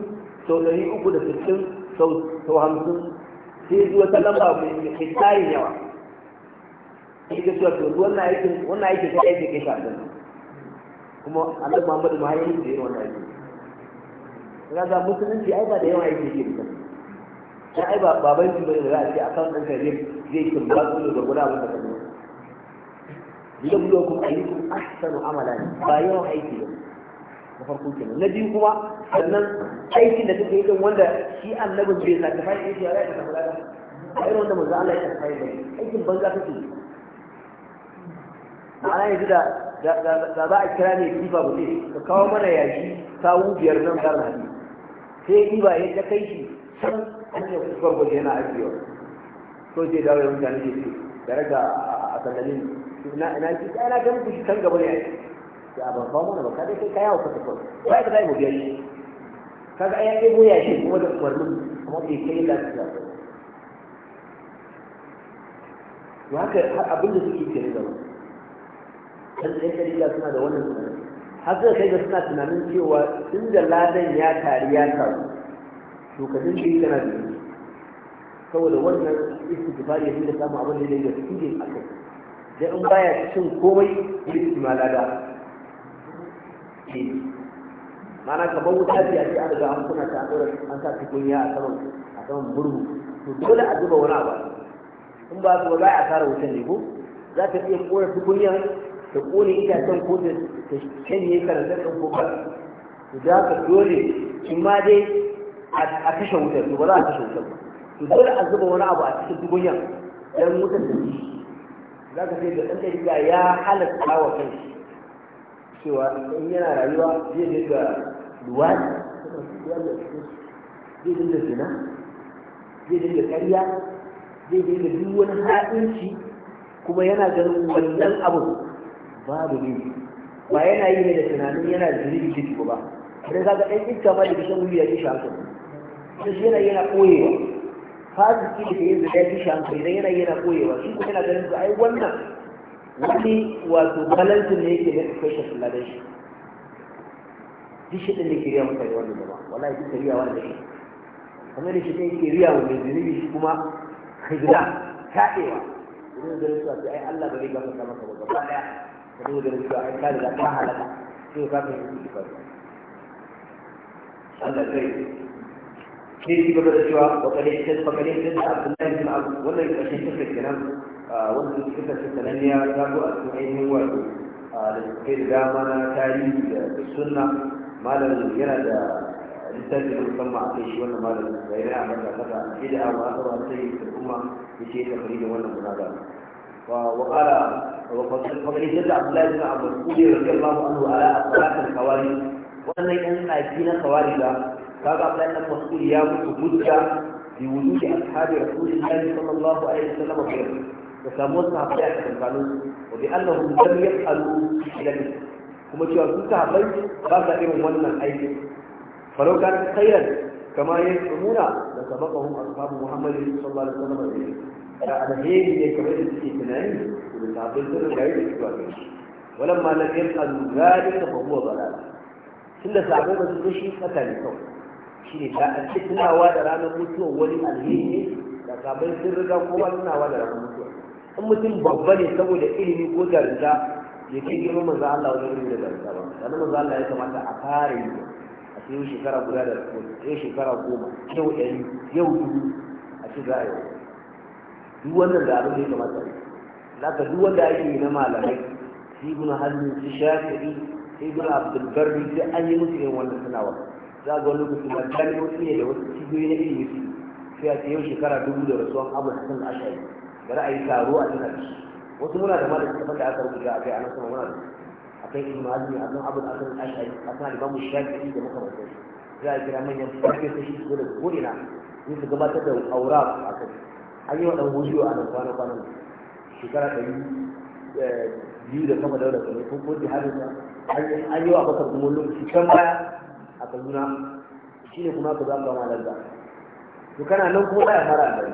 [SPEAKER 1] sau ɗari uku da sittin sau hamsin sai zuwa ta lamba mai tsarin yawa sai ka cewa to wannan aikin wannan aikin sai kai shi kuma annabi Muhammadu ma yayi da yawa da shi kaga musulunci ai ba da yawa yake yi ba sai ai ba baban shi bane da za a ce akan dan kare zai kin ba su da guda abin da kan yi yau kuma ayyukum ahsanu amalan ba yawa aiki ba na farko kenan na biyu kuma sannan aikin da kake yi din wanda shi annabi bai sa ka fara yake ya ka samu lada a irin wanda manzo Allah ya ka fara aikin banza kake ma'ana yanzu da da za a kira ne kifa ba ne ka kawo mana yashi kawo biyar nan kar na ne sai kifa ya ta kai shi can an yi kusurwar gwaje yana ajiyewa so sai dawo da mutane ke ce da raga a sandalin na na ci ta na kan kushi kan gaba ne a yi ya ban kawo mana ba ka dai kai kaya wa kasa kawai ba ya ta zai mu biya shi Ka ga ya ɗebo yashi kuma da kwarnin kuma ke kai lafiya ba to haka abinda suke ke da wani dan ɗan ɗariƙa suna da wannan tunanin har suka kai ga suna tunanin cewa tun da ladan ya tari ya taru to ka dinga yi kana da saboda wannan istifari ya dinga samun abin da ya dinga tude a kai dan in baya cin komai ya ci ma lada eh. mana kamar wuta ce a ce an riga an kuna ta ɗora an sa tukunya a saman a saman murhu to dole a zuba wani abu in ba su ba za a kara wutan ne ko za ka iya kora kunya? ta kone itacen ko da ta ne karanta ɗan ko ba to za ka dole in ma dai a kashe wutar to ba za a kashe wutar ba to dole a zuba wani abu a cikin tukunyar don wutar da shi za ka sai da ɗan ɗariƙa ya halatta wa kan shi cewa in yana rayuwa zai dinga luwadi zai dinga zina zai dinga ƙarya zai dinga duk wani haɗinci kuma yana ganin wannan abu babu ne ba yana yi ne da tunanin yana jirgin jiki ba idan kaga ɗan ita ma da kishin wuri ya kishe hankali sai shi yana yana fasu fasiki da ke yin zirga kisha hankali idan yana yana koyewa shi kuma yana ganin su ai wannan wani wato balansin ne yake da kai shafi da shi duk ɗin da ke riya mutane wannan gaba wallahi ta riya wannan shi Kuma da shi ɗin yake riya wa mai zunubi shi kuma hijira taɗewa idan zai su a ai Allah ba zai gafarta maka ba gaba ɗaya da zai ganin cewa an kare da ta halaka sai ba ka yi ba Allah zai sai shi gaba da cewa wa kalaitin fa kalaitin da Abdullahi bin Abu wannan kashin suka kenan wanda suka ce sananniya ta zo a cikin ainihin wato da suke da dama na tarihi da sunna malamin yana da littafi da musamman a kai shi wannan malamin da yana a mata kasa bid'a wa asara sai al'umma yace ta fari da wannan munazara وقال وقد جد عبد الله بن عبد المسعود رضي الله عنه على اصلاح الخوارج وان ان اكينا خوارج فقال عبد الله بن مسعود يا مسعود بوجود اصحاب رسول الله صلى الله عليه وسلم وغيره وساموس صحابه كانوا وبانهم لم يفعلوا شيئا kuma cewa su sahabbai ba sa irin wannan aikin falau kan khairan kama yasmuna da sabaqahum ashabu muhammadin sallallahu alaihi wasallam da alheri ne kamar da suke tunani da sabbin sun rayu da zuwa gari tunda ba shi da a da ranar mutuwa wani alheri ne da da mutum babba ne saboda ilimi ko jarinta ya ce girma manzo Allah wajen da ba ya kamata a fara yi shekara guda da yau shekara goma yau ɗari yau a za duk wannan da abin da ya kamata ne zaka duk wanda ake yi na malamai shi guna hannun shi shafi'i sai guna abdulbarri sai an yi musu irin wannan sanawa za ga wani lokaci na jami'o'i ne da wasu cibiyoyi na ilimi su sai a ce yau shekara dubu da rasuwan abin sun ashari da ra'ayi taro a tana shi wasu muna da malam kafin da aka rubuta a kai a nan sama muna da akan ibn azmi akan abin akan ashari akan alimamu shafi'i da makamantar za a kira manyan farfesa shi su da ko ina su gabatar da aura a kai an yi wa ɗan godiyo a nan kwana kwanan shekara ɗari eh, biyu da sama daura kai ko ko jihadin an yi wa baka kuma lokaci can baya a kaduna shi ne kuma ka za ka malar da to kana nan kuma ɗaya mara a gari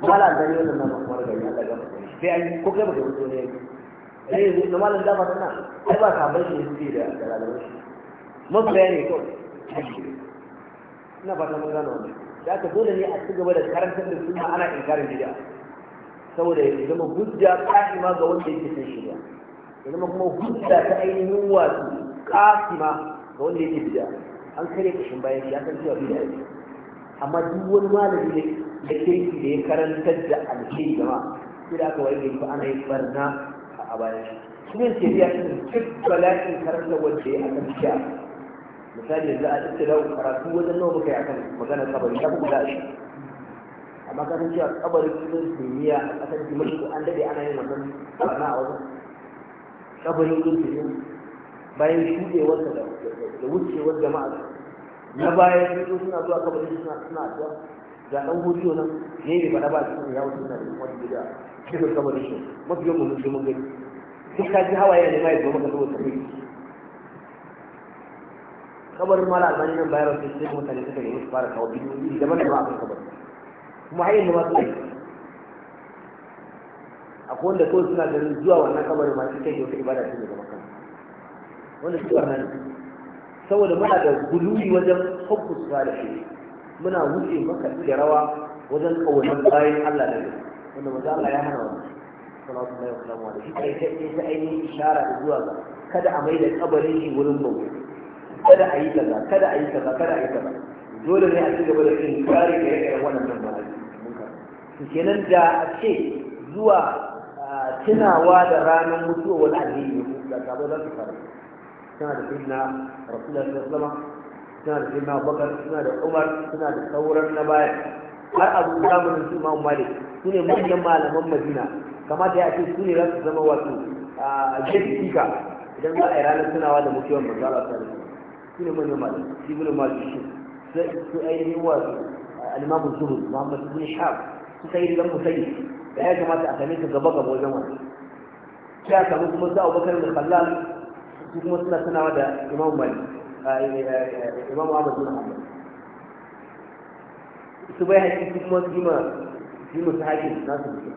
[SPEAKER 1] Kuma a gari wannan nan kuma gari Allah ya gama sai an yi ko kai baka mutu ne yake eh, sai yanzu da malar da ba tana ai ba sabon shi ne suke da da rayuwar shi mafiya ne kawai ina fata mun gano wannan da aka dole ne a ci gaba da karanta da sunna ana inkarin bid'a saboda ya zama hujja kasima ga wanda yake son shi ya zama kuma hujja ta ainihin wasu kasima ga wanda yake bid'a an kare kashin bayan shi ya san cewa bid'a ne amma duk wani malami ne da ke da ya karanta da alheri gama sai da aka waye gari ana yin barna a bayan shi sunan shari'a shi ne cikin bala'in karantar wanda ya akan bid'a misali yanzu a tattara karatu wajen nawa muka yi kan maganar kabari ta kuma da shi amma ka san cewa kabarin cikin duniya a ƙasar dimashku an daɗe ana yin wannan barna a wajen kabarin cikin bayan shuɗewarsa da wucewar jama'a na bayan su suna zuwa kabarin suna suna zuwa ga ɗan huriyo nan ne ne ba na ba cikin yawon suna da wani gida cikin kabarin shi mafi yawan mun gani duk ka ji hawaye ne ma ya zo maka saboda kai kabarin mala albani nan bayar wasu sai mutane suka nemi su fara kawo bidiyoyi daban daban a kan kabarin kuma har yanzu ma su ne akwai wanda kawai suna ganin zuwa wannan kabarin ma su kai wata ibada su ne ga makan wanda su nan saboda muna da guluwi wajen hukus salihi muna wuce maka da rawa wajen kaunar bayan Allah da ne wanda maza Allah ya hana wannan sallallahu alaihi wa sallam da shi kai sai ta ainihin ishara da zuwa ga kada a mai da kabarin shi wurin bauta kada a yi kaza kada a yi kaza kada a yi kaza dole ne a ci gaba da yin kare da yake wannan Su kenan da a ce zuwa tunawa da ranar mutuwa wani addini ne da sabo za su fara suna da sunna rasulullahi sallallahu alaihi suna da sayyidina bakar suna da umar suna da sauran na baya har abu zamanin su ma malik su ne manyan malaman madina kamata ya ce su ne za su zama wato a gefe idan za a yi ranar tunawa da mutuwar manzo Allah sallallahu shi ne manyan malamai ibn malik su ainihin wasu alimamun zuhur muhammad ibn shahab su sayi dan musayi da ya kamata a same su gaba gaba wajen wani sai a samu kuma su abubakar da kallal su kuma suna sanawa da imam malik imam ahmad bin hanbal su bai haƙi su kuma su yi ma su yi ma su haƙi na su mutu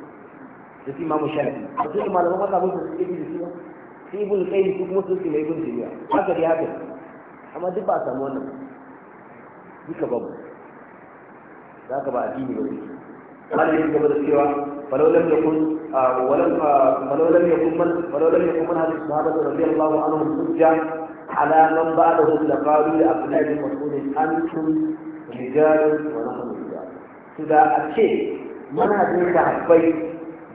[SPEAKER 1] da su imamu shafi a su malaman haka musu su ƙi da su ba su ibn kai su kuma su su mai ibn jiriya haka dai haka amma duk ba a samu wannan duka babu za ka ba a dini ba ma da yi gaba da cewa falolam ya kun falolam ya kun man falolam ya kun man hadis na hadasa rabbi allahu anhu hujja ala nan ba da hudu da faru da abu da yi masu an tun rijali wa na hannun rijali su da a ce mana hadin da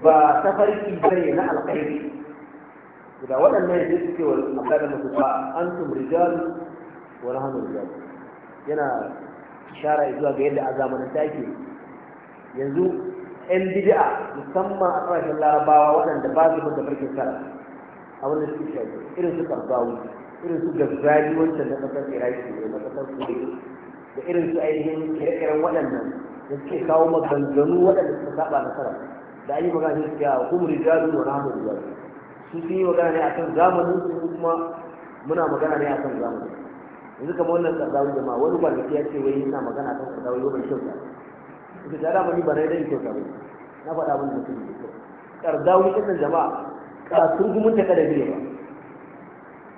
[SPEAKER 1] ba safarki ba ne na alkhairi su waɗannan yadda suke wa masarar masu ba an tun rijali wani hannun da yana shara zuwa ga yadda a zamanin take yanzu yan bid'a musamman a ƙarshen larabawa waɗanda ba su da farkin sara a wannan su shafi irin su karbawu irin su gazzali wancan na ƙasar iraki da na ƙasar kudu da irin su ainihin kire-kiren waɗannan da suke kawo maganganu waɗanda suka saba nasara da an yi magana ne yawa, kuma rijalu wa rahmu rijalu su sun yi magana ne akan zamanin su kuma muna magana ne akan zamanin yanzu kama wannan sardawi da wani kwanaki ya ce wai yana magana kan sardawi yau mai kyauta ita ta dama ni ba rai dai kyauta ba na faɗa mun da kuma sardawi ita jama'a sun gumin ta kada biyu ba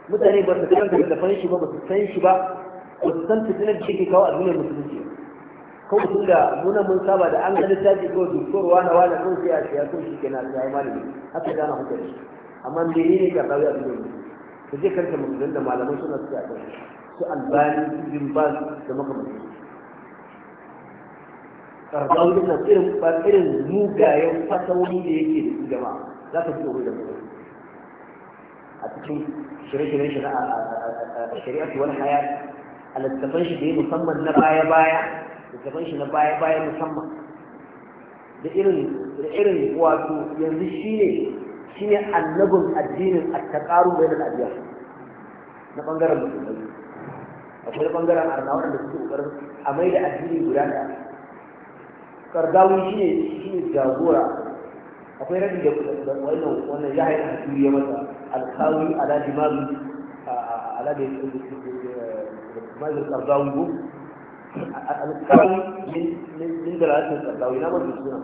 [SPEAKER 1] mutane ba su san da tallafan shi ba ba su san shi ba ba su san fitinar da yake kawo a duniyar musulunci kawai tun da nuna mun saba da an ga littafi ko doktor wani wani kun sai a siya sun shi ke na ai malami haka gana hukunci amma menene ka kawo a duniyar musulunci ka je karka musulun da malaman suna suke a kan su albani su jimbal da makamashi karɓar da irin irin mugayen fasahohi da yake da su za ka tsoro da mutum a cikin shirye-shiryen shi na wani haya a littafan shi da ya musamman na baya-baya littafan shi na baya-baya musamman da irin da irin wato yanzu shi ne shi ne annabin addinin a taƙaru bai da na ɓangaren musulmai akwai bangaren arnawar da suke ƙoƙarin a mai da addini guda ɗaya kardawi shine ne jagora akwai rabi da wannan wannan ya haifar da ya mata alkawi ala dimaru ala da mazin kardawi ko alkawi min dalalatin kardawi na mafi suna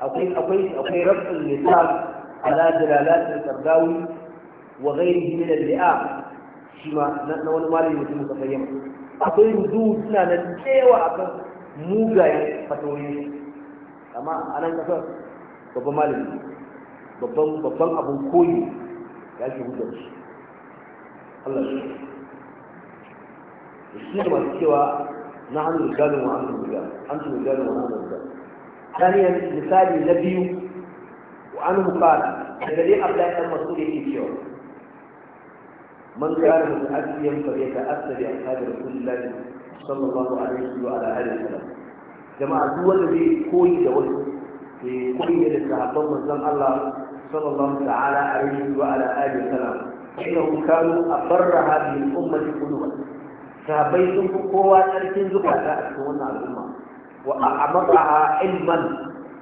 [SPEAKER 1] akwai akwai akwai rabin lisan ala dalalatin kardawi wa gairi min al-li'a shi ma na wani malin mutum ka bayyana akwai rudu suna da cewa akan mugayen fatoyi amma a nan kasar babban malami babban babban abun koyi ya ke hujjar shi Allah shi shi da masu cewa na da gano wa hannun rijalin hannun gano wa hannun rijalin ثانيا abu da ya san masu da yake cewa. من كان متأسيا فليتأسى بأصحاب رسول الله صلى الله عليه وعلى آله وسلم جماعة دول الذي كوي دول في كوي للصحابة من الله صلى الله تعالى عليه وعلى آله وسلم إنهم كانوا أبر هذه الأمة قلوبا فبيتم قوة ألفين زكاة أتكون على الأمة وأعمقها علما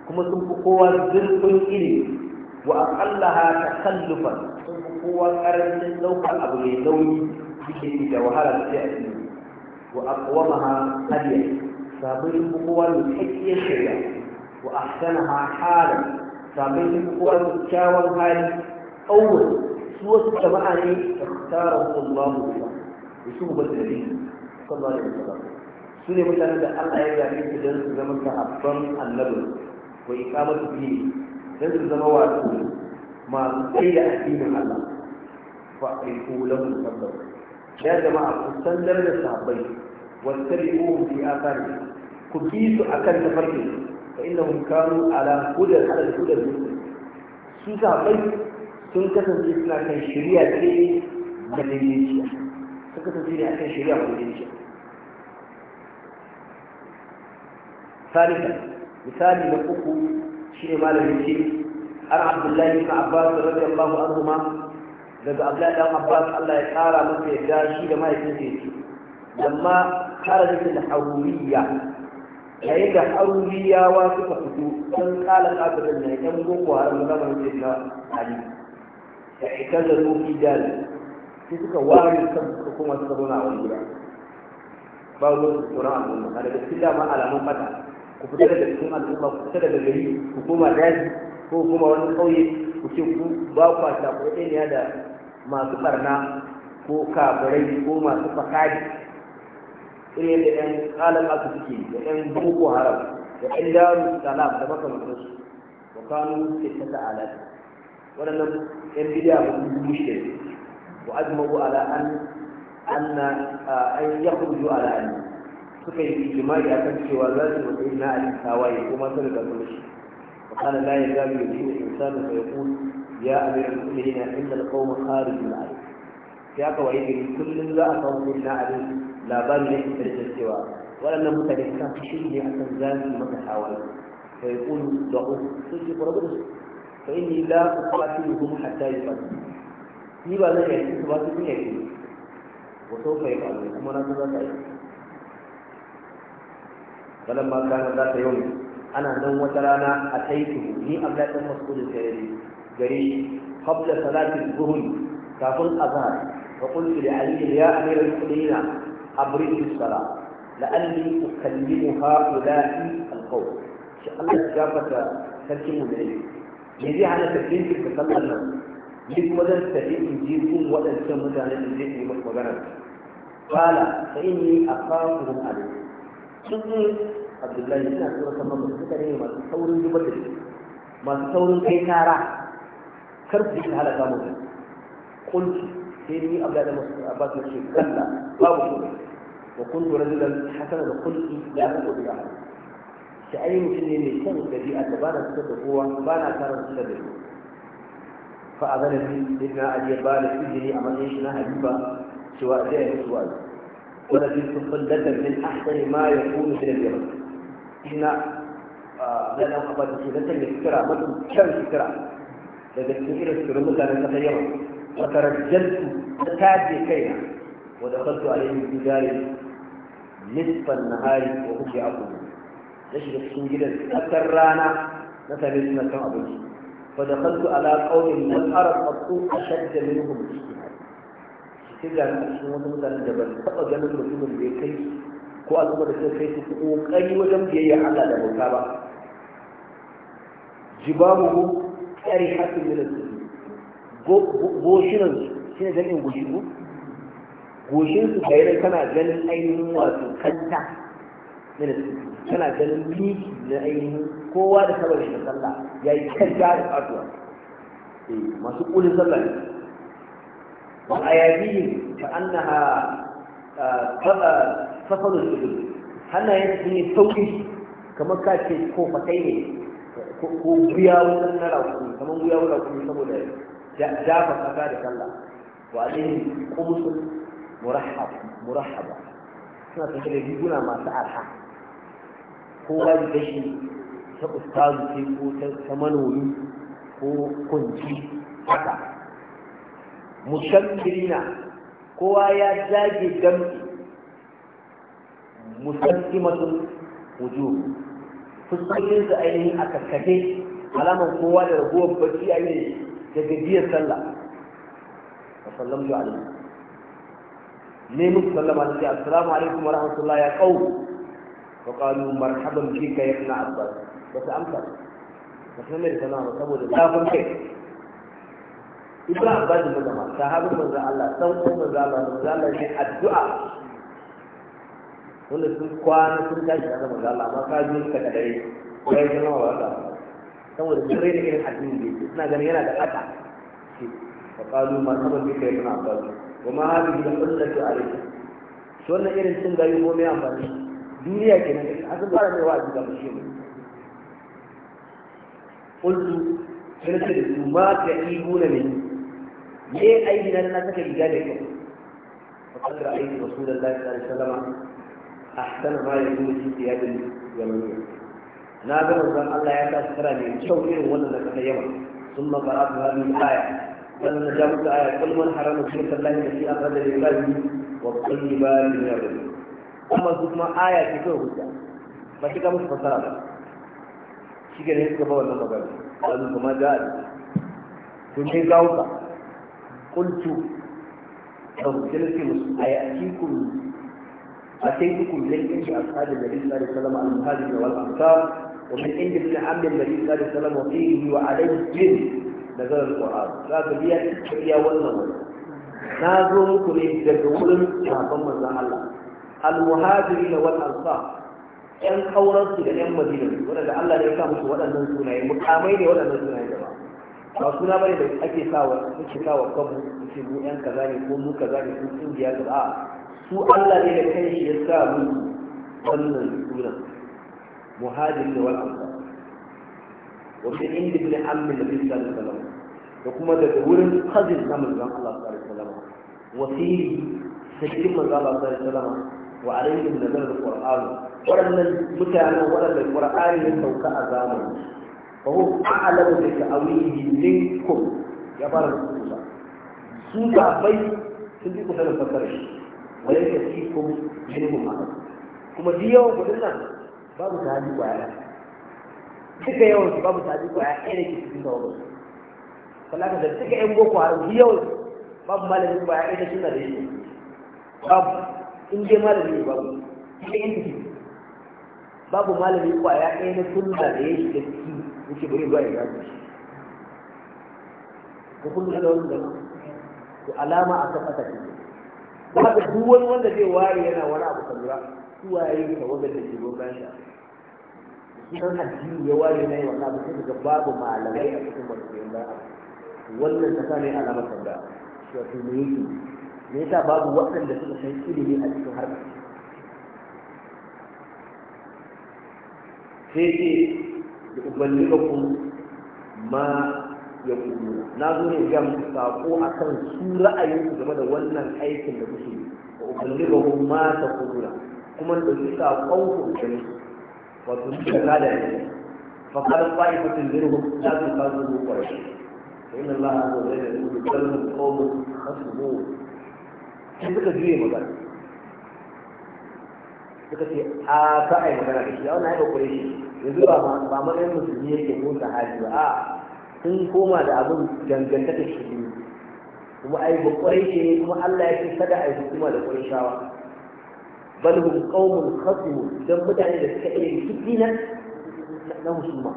[SPEAKER 1] كما تنفقوا زرق إليه وأقلها تخلفا kowa karancin ɗaukar abu mai nauyi suke da wahala da sai a cikin wa aqwamaha hadiya sabin kowa ne kakkiyar shari'a wa a ahsanaha hala sabin kowa ne kyawun hali awwal su wasu jama'a ne ikhtarahu Allah da su ba da dini sallallahu alaihi wasallam su ne mutane da Allah ya zabe su don su zama sahabban annabin, wa iqamatu bi don su zama wato masu tsaye da addinin Allah fa aiku lahu sabbar ya jama'a ku sandar da sahabbai wattabi'uhum fi athari ku bi su akan tafarkin fa innahum kanu ala hudan ala hudan su sahabbai sun kasance suna kan shari'a ce da daidaiciya sun kasance ne akan shari'a ko daidaiciya ثالثا مثال من أخو شيء ما لم يجب an abdullahi ibn abbas radiyallahu anhu ma daga abdullahi ibn abbas Allah ya kara masa yadda shi da mahaifinsa yake kara da al-haruriyya yayin da haruriyawa suka fito sun kala kafirin ne yan boko haram da zaman da ali da ita da rufi dal sai suka ware kan suka kuma suka zauna a wani gida ba wani su tsoron al'umma a daga cikin dama alamun fata ku fita daga cikin al'umma ku fita daga gari ku koma daji ko kuma wani ƙauye ku ce ku ba ku a shakurɗe da masu ɓarna ko kafirai ko masu fakari irin da ƴan ƙalar aka suke da ƴan boko haram da ƴan daru salam da su wa kanu ke ta ta'ala waɗannan ƴan bidiya ba su yi mushe ne wa azmaru ala an anna an yakhruju ala an suka yi jima'i a kan cewa za su mutu na alin tawaye kuma sun gaba sun shi وقال لا يزال يدين الإنسان فيقول يا أمير المؤمنين إن القوم خارجون عليك ya kawai gari kullum za a kawo na abin labarin na ita da cewa waɗannan mutane ta fi ne a kan zami maka hawaye fa ya da uku sun ce kurabu da su fa inni la uqatilu hum hatta ba. ni ba zan yaki su ba su kun yaki wa sau fa kuma na za ta yi ma kana za ta yau ana nan wata rana a taitu ni a dan mas'ud sai ne gare qabla salati dhuhr kafin azhar fa qultu li ali ya amir al-mu'minin abrid as-salat la'alli ukallimu ha'ula'i al-qawm shi Allah ya gafata sarkin mu'minin me zai hana tafiyar ka sallar nan ni kuma zan tafi in ji kun waɗancan mutanen da zai yi magana qala fa inni akhafuhum Ali. abdullahi suna tura kan mamman suka ne masu saurin zubar da masu saurin kai kara kar su yi halaka mutum kunci sai ni abdullahi da masu abbas na ce kalla babu kuma wa kuntu rajulan hasana da kunci da aka kudu da hannu shi ai mutum ne mai kyan dabi'a da ba na fitar da kowa ba na tara fitar da kowa fa a zana fi sayyidina ali ya ba da izini a matsayin shi na habiba cewa zai yi musu wa'azi wala fi sufullatan min ahsani ma yakunu min al-yaman ina zanen abin da ke zata mai kira mafi kyan kira daga cikin irin surin mutanen kasa yawa wata rajjantu ta taje kaina wadda kasu alaihi bidarin nisfan nahari wa kuke akudu na shiga cikin gidan tsakar rana na same su na kan abinci fa da kasu ala kaunin wal arab aku a shadda minhum cikin hari shi ga cikin wata mutanen da ban taɓa ganin mutumin da ya kai ko al'umma da suka kai su kokari wajen biyayya Allah da bauta ba jibahu tsari hakin min al-sujud goshinan shi ne ganin goshi ko goshin su bayan kana ganin ainihin wato kanta kana ganin miki na ainihin kowa da sabar shi sallah yayi kanta da fatuwa eh masu kulin sallah ne wa ayabihim ta. annaha ah, ah, su ido hannayen sun yi sauƙi kamar ka ce ko fatai ne ko wuya wutan na rakuni kamar wuya wuya rakuni saboda dafa kasa da sallah wa alaihi qumsun murahhab murahhaba suna tafi da riguna masu arha kowa da gashi ta ustazu ce ko ta manomi ko kunci haka mushammilina kowa ya zage dambe. musallimatun wujuh fuskokin su ainihin a kakkafe alaman kowa da ragowar bacci a yi da gajiyar sallah wa sallam yu alaihi ne muku sallama da ce assalamu alaikum wa rahmatullah ya kau wa qalu marhaban bika ya ibn abbas ba su amsa ba su mai sallama saboda ta kai ibn abbas da zama sahabin manzo Allah san ko manzo Allah manzo Allah ne addu'a wanda sun kwana sun tashi a zama Allah amma ka biyo ka da dare kai sun nawa wata saboda sun raina irin addini da yake suna ganin yana da kata ce fa qalu ma sabar bika ya ibn abbas wa ma hadhihi la qullatu alayka shi wannan irin sun gayu ko me amfani duniya kenan da azu ba da wa azu da shi ne qultu sai ce da su ma ta ibuna ne me aiki na na saka riga da kai fa qad ra'aytu rasulullahi sallallahu alaihi wasallam ahsan ma yakunu fi siyadil yamaniyya na ga manzon Allah ya tashi tara mai kyau irin wannan da kasa yawa ثم قرأت هذه الآية فلما جاءت آية قل من حرم شرك الله الذي أخرج لعباده والطيبات من الرزق أما ثم آية تكون هدى ما تكون ba shi ke ne suka ba wannan magana wannan kuma da kun ce gauka kuntu da hukun ke musu أتيت كلين إن أصحاب النبي صلى الله عليه وسلم عن المهاجر والأنصار ومن عند ابن عم النبي صلى الله عليه وسلم وفيه وعليه جن نزل القرآن فقال يا يا والله نازل كل جدول ثم زعل الله المهاجرين والأنصار ɗan kauran su da 'yan madina ne waɗanda Allah ya sa musu waɗannan sunaye mukamai ne waɗannan sunaye da ba ba suna da suke sa wa kabu su ce mu ɗan kaza ko mu kaza ne ko kungiya da su Allah ne da kai shi ya sa musu wannan sunan muhajirin da wal ansar wa min inda ibn ammi nabi sallallahu alaihi wasallam da kuma daga wurin cousin na manzon Allah sallallahu alaihi wasallam wasiri sakin manzon Allah sallallahu alaihi wasallam wa alaihim nazar alquran waɗannan mutanen waɗanda qur'ani ya sauka a zamani fa hu a'lamu bi ta'wilihi minkum ya fara su ba bai sun bi kusa da fasarar shi wani ka ci ko kuma duk yawan kudin nan babu ta haji kwaya duka yawan su babu ta haji kwaya ɗaya da ke cikin da wani kallaka da duka yan boko babu malamin kwaya ɗaya da suna da shi babu in dai malamin babu babu malami kwaya ɗaya na da ya shiga bari ya zaɓi shi ko da wani to alama a haka duk wani wanda zai ware yana wani abu ka lura suwaye ka wanda da ke roƙa kansa sunan addini ya ware na yi wani abu sai daga babu malamai a cikin masu yin ba wannan ta sami alamar sanda wato me yake me yasa babu waɗanda suka san ilimi a cikin harkar sai ce da ubanni ma ya kudu na zo ne ga muku sako a kan su ra'ayinsu game da wannan aikin da kuke wa uballighu ma ta kudura kuma da su sakon ku da ni wato su ka da ni fa qala qa'imatun minhum la tuqadu quraish inna allaha azza wa jalla ta qawman khasbu sai suka juye magana suka ce a ta ai magana da shi a wannan ai ba quraish yanzu ba ma ba ma musulmi yake ko sahabi ba a sun koma da abin dangantaka shi ne kuma ai ba ƙwarai shi ne kuma Allah ya ce kada a yi hukuma da ƙwarai shawa bal hum qaumun khasimun dan mutane da suka iya rikici na na musulma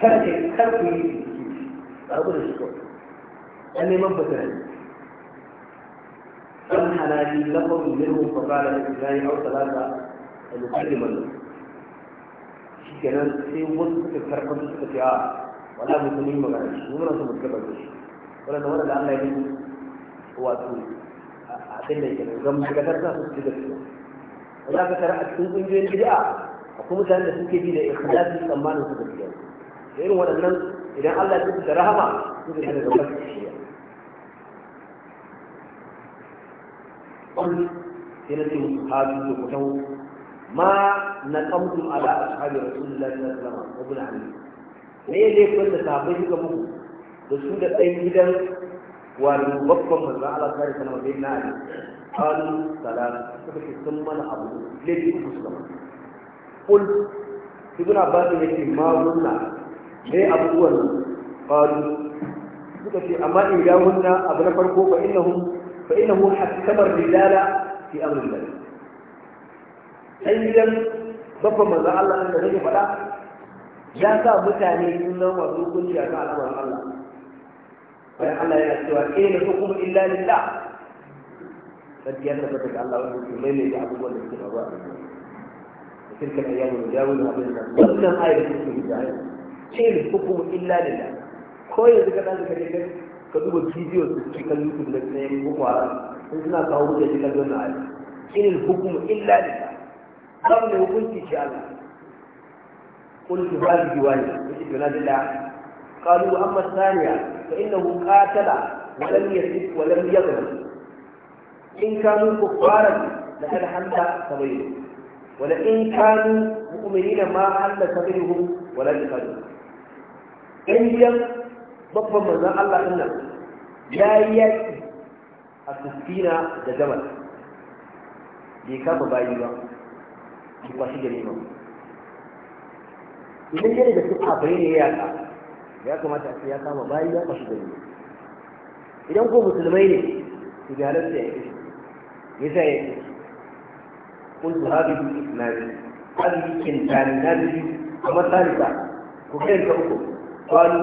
[SPEAKER 1] kar ka kar ku yi rikici abu da shi kawai an neman batani kan halali lafazin minhum fa qala al-islami aw salata al-muslimin shi kenan sai wasu suka karɓar suka ce a ah, wala mu kuma yi magana shi mun rasa mu gabar da shi wannan wannan da Allah ya yi wato abin da yake ga mu ga tarka su ci da shi wala ka tara a cikin kungiyoyin bid'a akwai mutanen da suke bi da ikhlasi tsammanin su da shi da irin waɗannan idan Allah ya tafi da rahama su da daga gabar da shi قل سنة أصحابي وكتو ما نقمتم على أصحاب رسول الله صلى الله عليه وسلم وابن عليه ne ya laifin da sabon suka muku da su da ɗan gidan wani babban manzo Allah sai kana mai na ali kanu salam suka ce sun mana abu laifi ku suka mana kul ibn suna ya ce ma wunna dai abubuwan qalu suka ce amma in ga wunna abu na farko fa hu fa innahu hakkama rijala fi amri Allah Ɗan gidan babban manzo Allah da nake faɗa ya sa mutane sun zama masu hukunci a kan al'amuran Allah bayan Allah ya cewa ke na hukumu illa lillah sarki ya tabbata ga Allah wani ke mai da abubuwan da suke faru a duniya da kirkin ayyamu da jawo abin da wannan ayar da suke yi jayo ke na hukumu illa lillah ko yanzu ka ɗan ka je ka duba bidiyo su ci kan YouTube da sayan boko haram sun suna kawo mutane kan wannan ayar ke da hukumu illa lillah babu ne hukunci shi Allah قلت هذه جوانب وجدت الله قالوا أما الثانية فإنه قاتل ولم يسب ولم يظلم إن كانوا كفارا لقد حمد سبيله ولئن كانوا مؤمنين ما حمد سبيلهم ولا يقتلوا إن لم babban manzan Allah ɗin nan ya yi yaƙi a Sufina da Jamal bai kama idan ya daga cikin abai ne ya yaƙa ya kamata a ce ya kama bayi ya kasu da gari idan ko musulmai ne su ga halarta ya yi ya sa ya yi kun su haɗu da islami haɗu kintani na biyu kamar salisa ku kai ka uku kwanu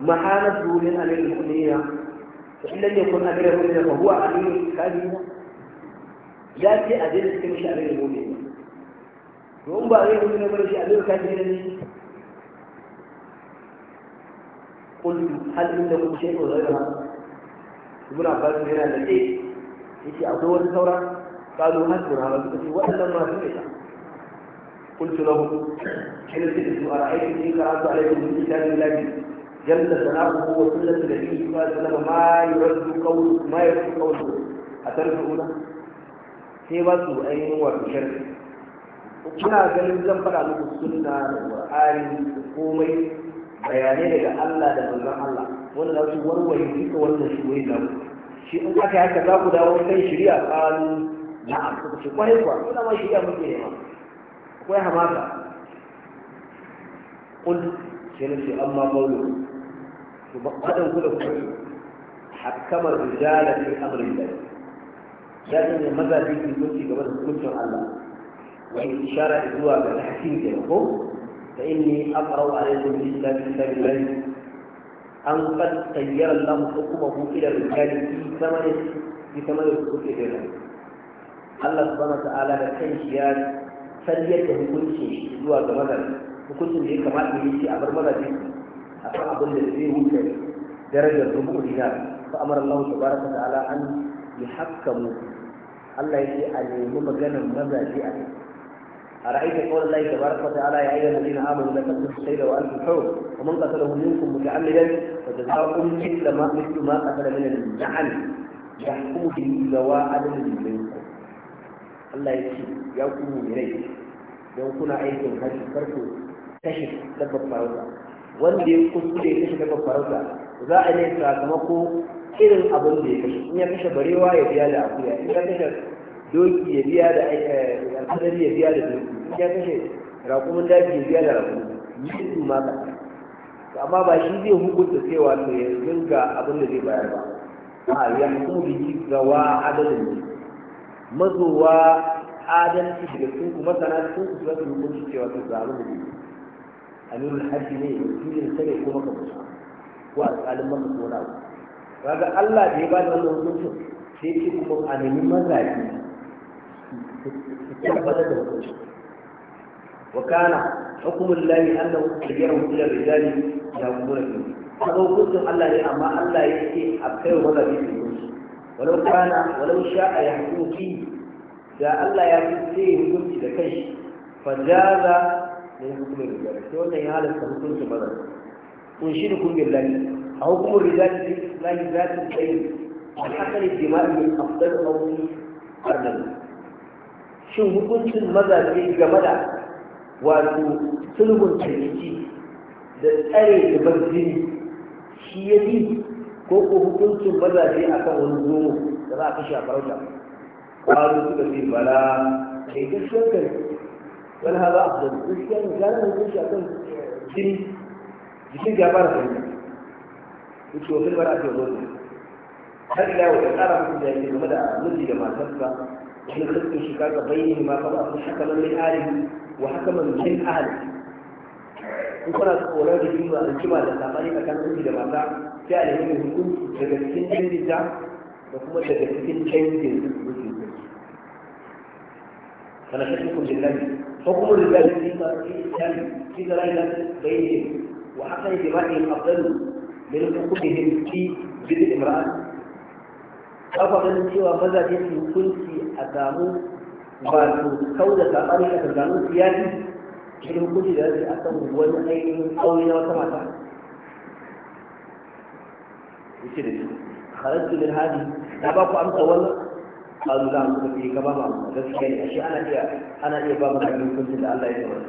[SPEAKER 1] mahanar durin alaikul kuliya in lam yakun amirul mu'minin fa huwa amirul kafirin ya ce a daina cikin shi amirul mu'minin to in ba zai nuna mana shi a zai ka ji ne قلت هل عندكم شيء غيرها؟ ابن عباس هنا لديه يجي أدور الثورة قالوا هذبرها وقلت وإلا ما سمعت قلت له حين سئلت أرأيتم إن قرأت عليكم من كتاب الله جل ثناؤه وسنة النبي صلى الله عليه وسلم ما يرد قول ما يرد قوله أترجعونه؟ سيبات أين هو بشرك kina ganin zan faɗa muku sunna da qur'ani komai bayanai daga Allah da manzon Allah wanda za su warware duka wannan shuwai da shi in aka haka za ku dawo kan shari'a qalu na'am kuka ce kwarai kuwa kuna ma shari'a muke ma. akwai hamaka qul sai na ce amma qawlu to ba kadan ku da ku hakkama rijalati fi da Allah ne mazabi ki kunci gaba da hukuncin Allah wani ishara zuwa ga tahkim da ko fa inni aqra'u alaykum bi kitabillahi an qad tayyara Allah hukmuhu ila rijali fi thamani fi thamani hukmi dala Allah subhanahu wa ta'ala da kanshi ya salliyar da hukuncin zuwa ga mazaji hukuncin da ya kamata ya a bar mazaji a kan abin da zai wuce darajar rubu dinar fa amara Allah tabaraka ta'ala an yuhakkamu Allah ya ce a nemi maganar mazaji a kai أرأيت قول الله تبارك وتعالى يا أيها الذين آمنوا لا تقتلوا الصيد وأنتم حر ومن قتله منكم متعمدا فجزاء مثل ما مثل ما قتل من النعم يحكم به ذوى عدل منكم الله يكفي يحكم إليه don kuna aikin hajji karku kashe dabbar farauta wanda ya da ya kashe dabbar farauta za a ne sakamako irin abin da ya kashe in ya kashe barewa ya biya da akuya in ya kashe doki ya biya da eh, alfadari ya biya da doki ya kashe raƙumin daji ya biya da rakumin yi su ma ka amma ba shi zai hukunta cewa to ya dinga abin da zai bayar ba a ya da yi gawa adalin mazowa adalci daga cikin ku masana sun ku za su hukunci cewa su ga da yi a nuna hajji ne wakilin sare kuma ka musu ko alƙalin maka ko na kaga Allah da ya ba da wannan hukuncin sai ce kuma a nemi mazaje da hukunci wakana hukumun lahi Allah hukunci da yawan da jari da kuma rafi a zo hukuncin amma Allah ya ce a kai wa zafi da hukunci walau kana walau sha a yankuki da Allah ya fi da kai fa jaza ne hukumar da jari sai wannan ya halatta hukuncin mazan kunshi da kungiyar lahi a hukumar rijali lahi za ta tsaye a hakan jima'i a fitar da hukumar da jari shin hukuncin mazaje game da wato sulhun ciniki da tsare zubar jini shi ya bi ko ko hukuncin mazaje a kan wani zomo da za a kashe a farauta ƙwaro suka ce bala kai gaskiyar kai wani haza a da gaskiyar kai gane hukunci a kan jini jikin ya fara sanya wuce wa filmar a ce wani har ila wa ƙara mutum da ya ke game da miji da matarsa نحن خلق شقاق بينهما فبعث حكما من اهله وحكما من اهله in kuna tsoron da jima da jima da sabani tsakanin miji da mata sai a nemi hukunci daga cikin dangin da kuma daga cikin dangin mutum فلا شككم لله حكم لله في الإسلام في دلالة بينهم وحقن دمائهم أفضل من حكمهم في جد الإمرأة أفضل سوى ماذا يكون في a samu su kau da saɓani a tsakanin siyasi cikin kudi da zai a kan wani ainihin aure na wata mata yace da shi kharajtu min hadi na ba ku amsa wannan qalu la amsa fi ka ba ma gaskiya ne shi ana iya ana iya ba mu da hukuncin da Allah ya yi wani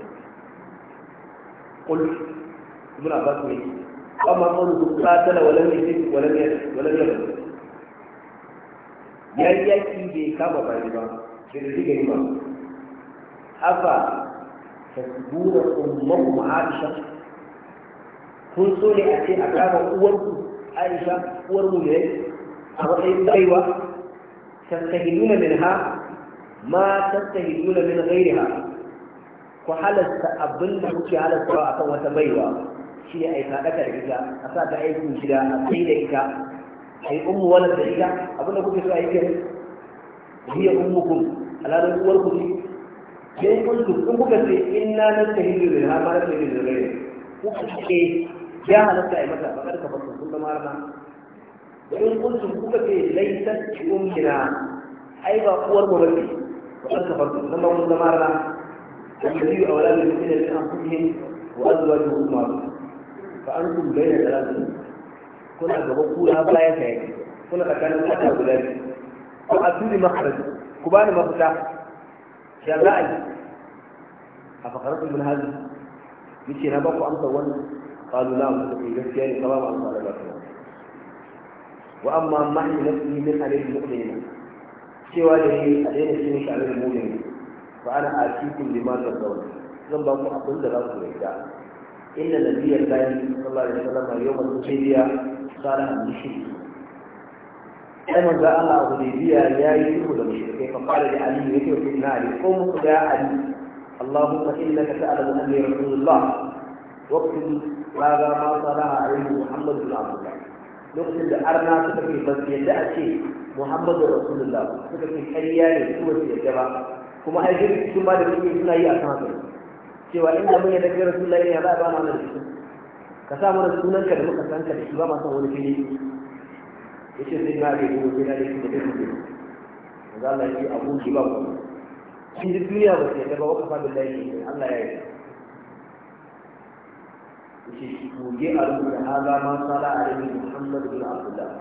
[SPEAKER 1] qul ibn abbas ne amma qawlu qatala wa lam yajid wa lam yajid wa lam yajid yaryaki bai kama bari ba kirdiga ba afa tasbura ummakum aisha kun so ne a ce a kama uwarku aisha uwar mu ne a matsayin baiwa tastahiluna minha ma tastahiluna min ha ku halasta abin da kuke halastawa akan wata baiwa shi ne a yi sadaka da ita a sa ta aikin shida a sai da ita a yi ummu wannan dalila abinda kuke so a yi ya hiya ummukum alhalin uwar ku ne yayin kuntu kun kuka ce inna nan ta hijiru da ha ba ta hijiru da ne kuka ce eh, ya halatta a mata bakar ka bakar kun da rana da in kuntu kuka ce laisar ki ummina ai ba uwar mu bace bakar ka bakar kun zama kun da rana الذي أولاد المسلمين من أنفسهم وأزواجهم معروف فأنتم بين ثلاثة kuna gaba kura baya ka yake kuna tsakanin mata guda biyu ko a tuni makaraji ku bani mafita ya za a yi a fakaratun min hali yace na ba ku amsa wannan qalu la mu ku gaskiya ne kama ba amsa da ba wa amma ma'i nafsi min alayhi mu'minin cewa da yi a daina shi ne alayhi mu'minin fa ana atikum lima tazawwaj zan ba ku abin da za ku yarda inna nabiyyan lahi sallallahu alaihi wasallam yawmal hudaybiya صالح fara da Aliyu, ya حديبية يا يسوع المشرك فقال لعلي يسوع في النار قم يا علي اللهم إنك تعلم أني رسول الله واكتب هذا ma صلى a محمد muhammadu عبد الله lokacin da arna suka ce yadda a ce muhammadu rasulullah suka ce ƙarya ne su su yadda ba kuma ai duk sun ba da suke suna yi a kan haka cewa inda mun yadda kai rasulullah ne ya za a ba mu ka sa mana sunanka da muka san ka da shi ba ma san wani fili yace sai na ga gobe na da shi da kake da manzo Allah yake abu ki ba ku shi da duniya ba sai da ba wa kafa billahi Allah ya yi yace shi goge a rubuta haza ma sala alaihi Muhammad bin Abdullah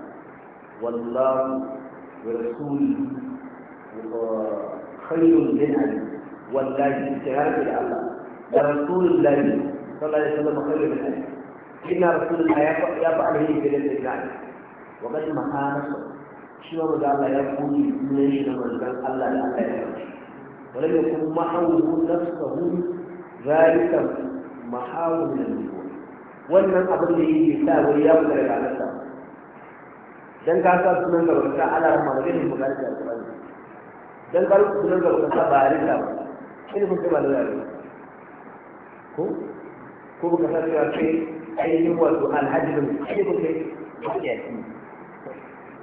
[SPEAKER 1] wallahu wa rasuluhu khairun min ali wallahi tayar da Allah da rasulullahi sallallahu alaihi wasallam khairun min ali inna rasulullah ya fa ya fa alheri da dan da wa qad mahana shi wa da Allah ya kuni ne shi da manzon Allah da Allah ya yi wala ya kun mahawu nafsuhu zalika mahawu min wannan abin da yake sa wai ya fara da Allah dan ka sa sunan da wata ala magana mu da Qur'ani dan ka sunan da wata barika ilimin da ba da ko ko ka sa cewa ainihin wato alhajjin ake kuka yi yaki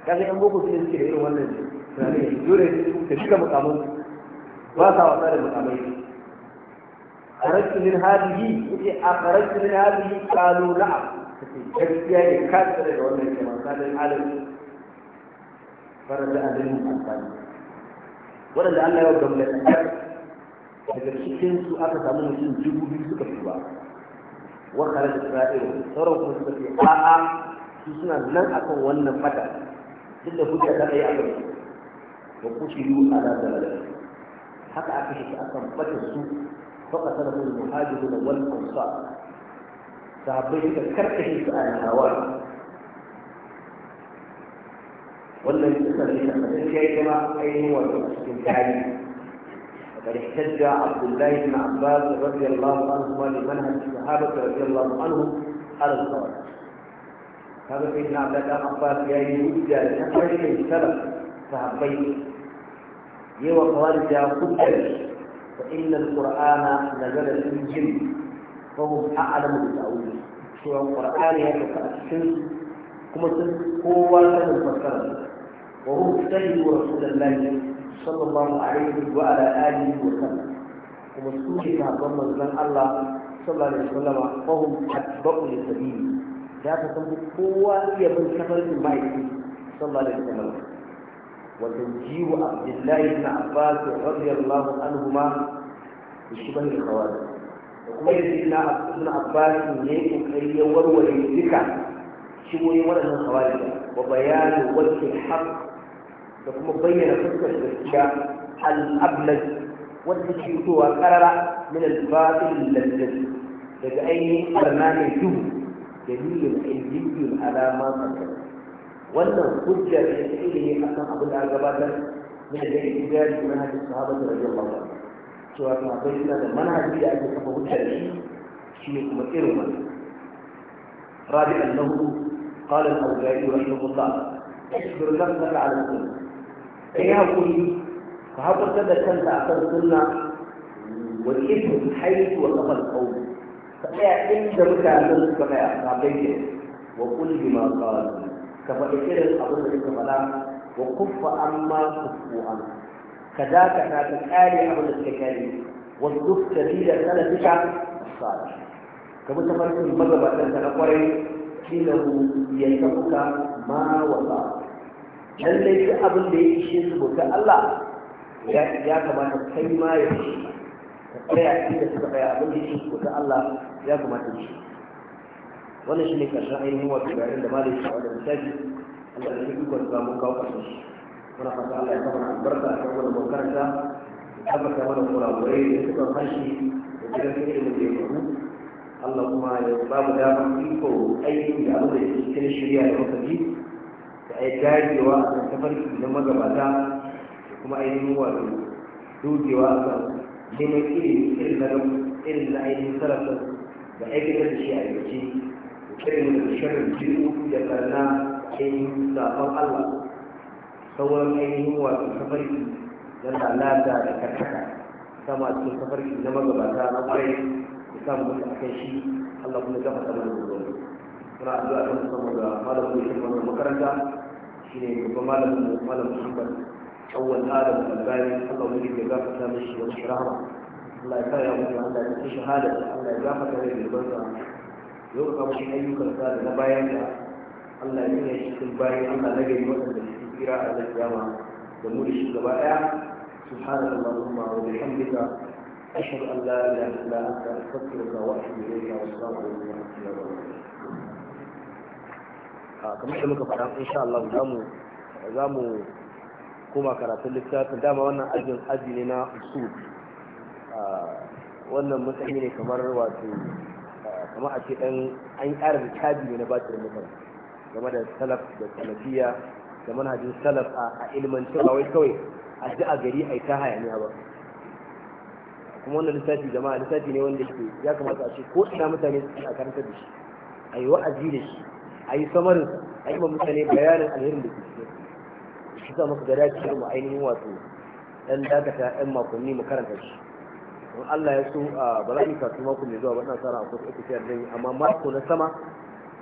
[SPEAKER 1] kaga yan boko sun suke da irin wannan tunanin dole ta shiga mukamin ba sa wasa da mukamai خرجت من هذه خرجت من هذه قالوا نعم gaskiya ne ka tsare da wannan kenan sanin alim farar da alimin amfani waɗanda Allah ya gamla daga cikin su aka samu mutum dubu biyu suka fi ba وخرج إسرائيل سروا في آآ سنا نن أكون ونن فتا إلا هجة تبعي أكبر وقتلوا على ذلك حتى أكشف أكثر فتا السوء فقتله المهاجرون والأنصار sahabbai suka karkashe su a yawar wannan kusa ne a matsayin ya yi ainihin wato cikin tarihi قد احتج عبد الله بن عباس رضي الله عنهما لمنهج الصحابة رضي الله عنهم على الخوارج هذا سيدنا عبد الله بن عباس يا يعني يوجد نفر من سلف صحابي يوى خوارج قدر فإن القرآن نزل في الجن فهم أعلم بالتأويل شو القرآن يقرأ السن كما تقوى سنة وهم سيدوا رسول الله sallallahu alaihi wa ala alihi wa sallam kuma su ne sahabban manzon Allah sallallahu alaihi wa sallam fa hum atba'u li sabili da ka san kowa iya bin safarin ma'aiki sallallahu alaihi wa sallam wa tanjiru abdullahi ibn abbas radiyallahu anhuma bi shibah al-khawarij kuma yanzu na ibn ne kokari ya warware duka shi waɗannan khawarij wa bayanu wajhi da kuma bayyana fuskar gaskiya al-ablaj wanda ke fitowa karara min al-batil lajjaj daga ainihin barna mai da dalilin ainihin alama tsakar wannan hujjar da ya tsaye a kan abin da aka gabatar min da jari jari na hadis sahabatu radiyallahu anhu cewa kuma bai suna da manhaji da ake kafa hujjar shi, shi ne kuma irin wannan رابعا له قال الأوزاعي رحمه الله اصبر نفسك على السنة ka yi haƙuri ka haƙurta da kanta a kan sunna wa isu haitu wa kafar ƙauni ka tsaya inda mutanen suka tsaya ka bayyana wa kulli ma qalu ka faɗi irin abin da suka faɗa wa kuffa amma kufu an ka dakata ka kare abin da suka kare wa duk sabila salafika salih ka bi tafarkin magabatan ka na kwarai kila hu yanka kuka ma wasa lallai duk abin da ya ishe su bauta Allah ya kamata kai ma ya ishe ka tsaya inda suka tsaya abin da ya ishe su bauta Allah ya kamata ya ishe wannan shi ne karshen ainihin wato garin da malai shi a wajen misali Allah da shi ikon mun kawo karshen shi muna fata Allah ya kama na albarka a kan wannan makaranta ya tabbata mana kurakurai da suka harshe da jiran kai da ke faru Allah kuma ya ba mu damar iko aiki da abin da ya cikin shirya da muka ya dajewa a kan tafarki na magabata da kuma ainihin wato dogewa a kan neman ilimi irin na irin na ainihin sarrafa da aiki da shi a yanki irin da shirin jirgin da karna ainihin zafon allah sauran ainihin wato tafarki na lalata da karkata sama cikin tafarki na magabata na kwarai da samun mutu a kan shi allah kuma gafa tsamar da zuwa addu'a kan samun da malamin da shi makaranta shine babban malamin malam Muhammad awwal Adam Albani Allah ya rike gafarta mishi da mishi rahama Allah ya kare mu Allah ya kishi hada Allah ya gafarta mai girbansa yau ka mishi ayyukan sa da na bayan da Allah ya yi shi cikin bayan Allah na gari wanda suke kira a da kiyama da mu da shi gaba daya سبحانك اللهم وبحمدك أشهد أن لا إله إلا أنت أستغفرك وأتوب إليك والسلام عليكم ورحمة الله وبركاته kamar da muka faɗa insha Allah za mu koma karatun littafin dama wannan ajin aji ne na usul wannan matsayi ne kamar wato kamar a ce dan an ƙara littafi ne na batir mutane game da salaf da salafiya da manhajin salaf a ilimin ba wai kawai a ji a gari a yi ta hayaniya ba kuma wannan lissafi jama'a lissafi ne wanda ke ya kamata a ce ko ina mutane suke a karanta da shi a yi wa'azi da shi أي سمر أي ما مثلا إيه بيان الهرم بكثير شو ذا مقدرات شو معين هو تو إن ذاك إما كوني مكرم هش الله يسوع آه، بلاني كاتم أو كوني زوا بنا سارة أو إيه كوني كثير زين أما ما كون السماء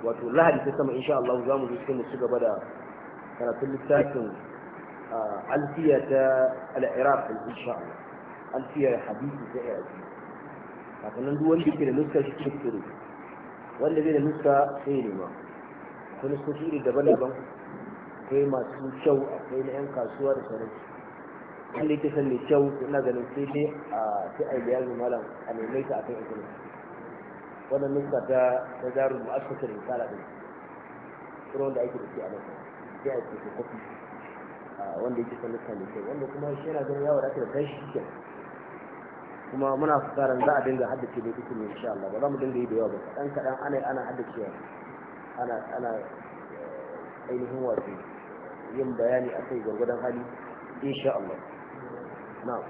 [SPEAKER 1] وتو لا هذه السماء إن شاء الله زامو جسكم السجى بدأ كان كل ساكن آه، ألفية العراق إن شاء الله ألفية حديث زي هذا لكن عندو وين بكرة نسخة شو تكتب والذين نسخة سينما akwai nasoshi daban-daban akwai masu kyau akwai na 'yan kasuwa da sauransu an da yake san mai kyau ina ganin sai dai a sai a yi bayanin malam a nemi ta akan ikon wannan nuska ta ta zaru mu'assasar risala din kuma wanda ake da shi a nan sai a yi kofi wanda yake san nuska mai kyau wanda kuma shi yana ganin yawon ake da kai shi kyau kuma muna fitaran za a dinga haddace ne kuma insha Allah ba za mu dinga yi da yawa ba kaɗan kaɗan ana ana haddacewa ana ana ainihin wato yin bayani a kai gwargwadon hali insha Allah na'am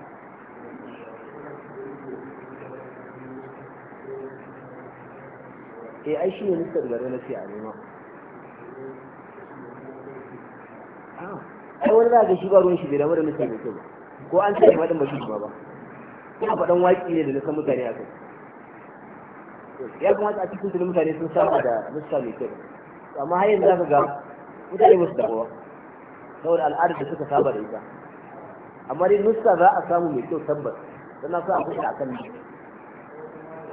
[SPEAKER 1] ke eh, ai shi ne nista gare na ce a nema ah, ai wani za ga shi ba ruwan shi bai damu da nista mai kyau ko an sai ma dan ba shi ba ba ina faɗan waƙi ne da na san mutane a kai ya kamata a cikin tuni mutane sun saba da nuska mai kyau amma har yanzu zaka ga mutane musu da kowa saboda al'adar da suka saba da ita amma dai nuska za a samu mai kyau tabbas sannan na sa a kuɗi a kan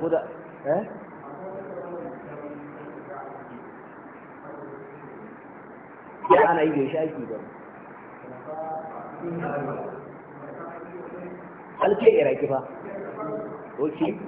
[SPEAKER 1] ko da eh ya ana yi bai shaki ba alke iraki fa ok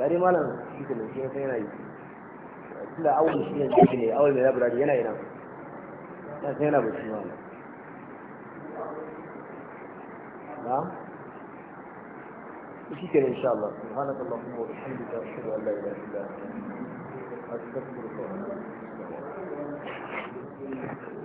[SPEAKER 1] gari malam shi ke shi sai yana yi da awon shi ne shi ne awon mai labirari yana yana ya sai yana bacci malam na shi ke ne sha Allah subhanaka allahumma wa bihamdika shi da la ilaha illa anta astaghfiruka wa atubu ilaik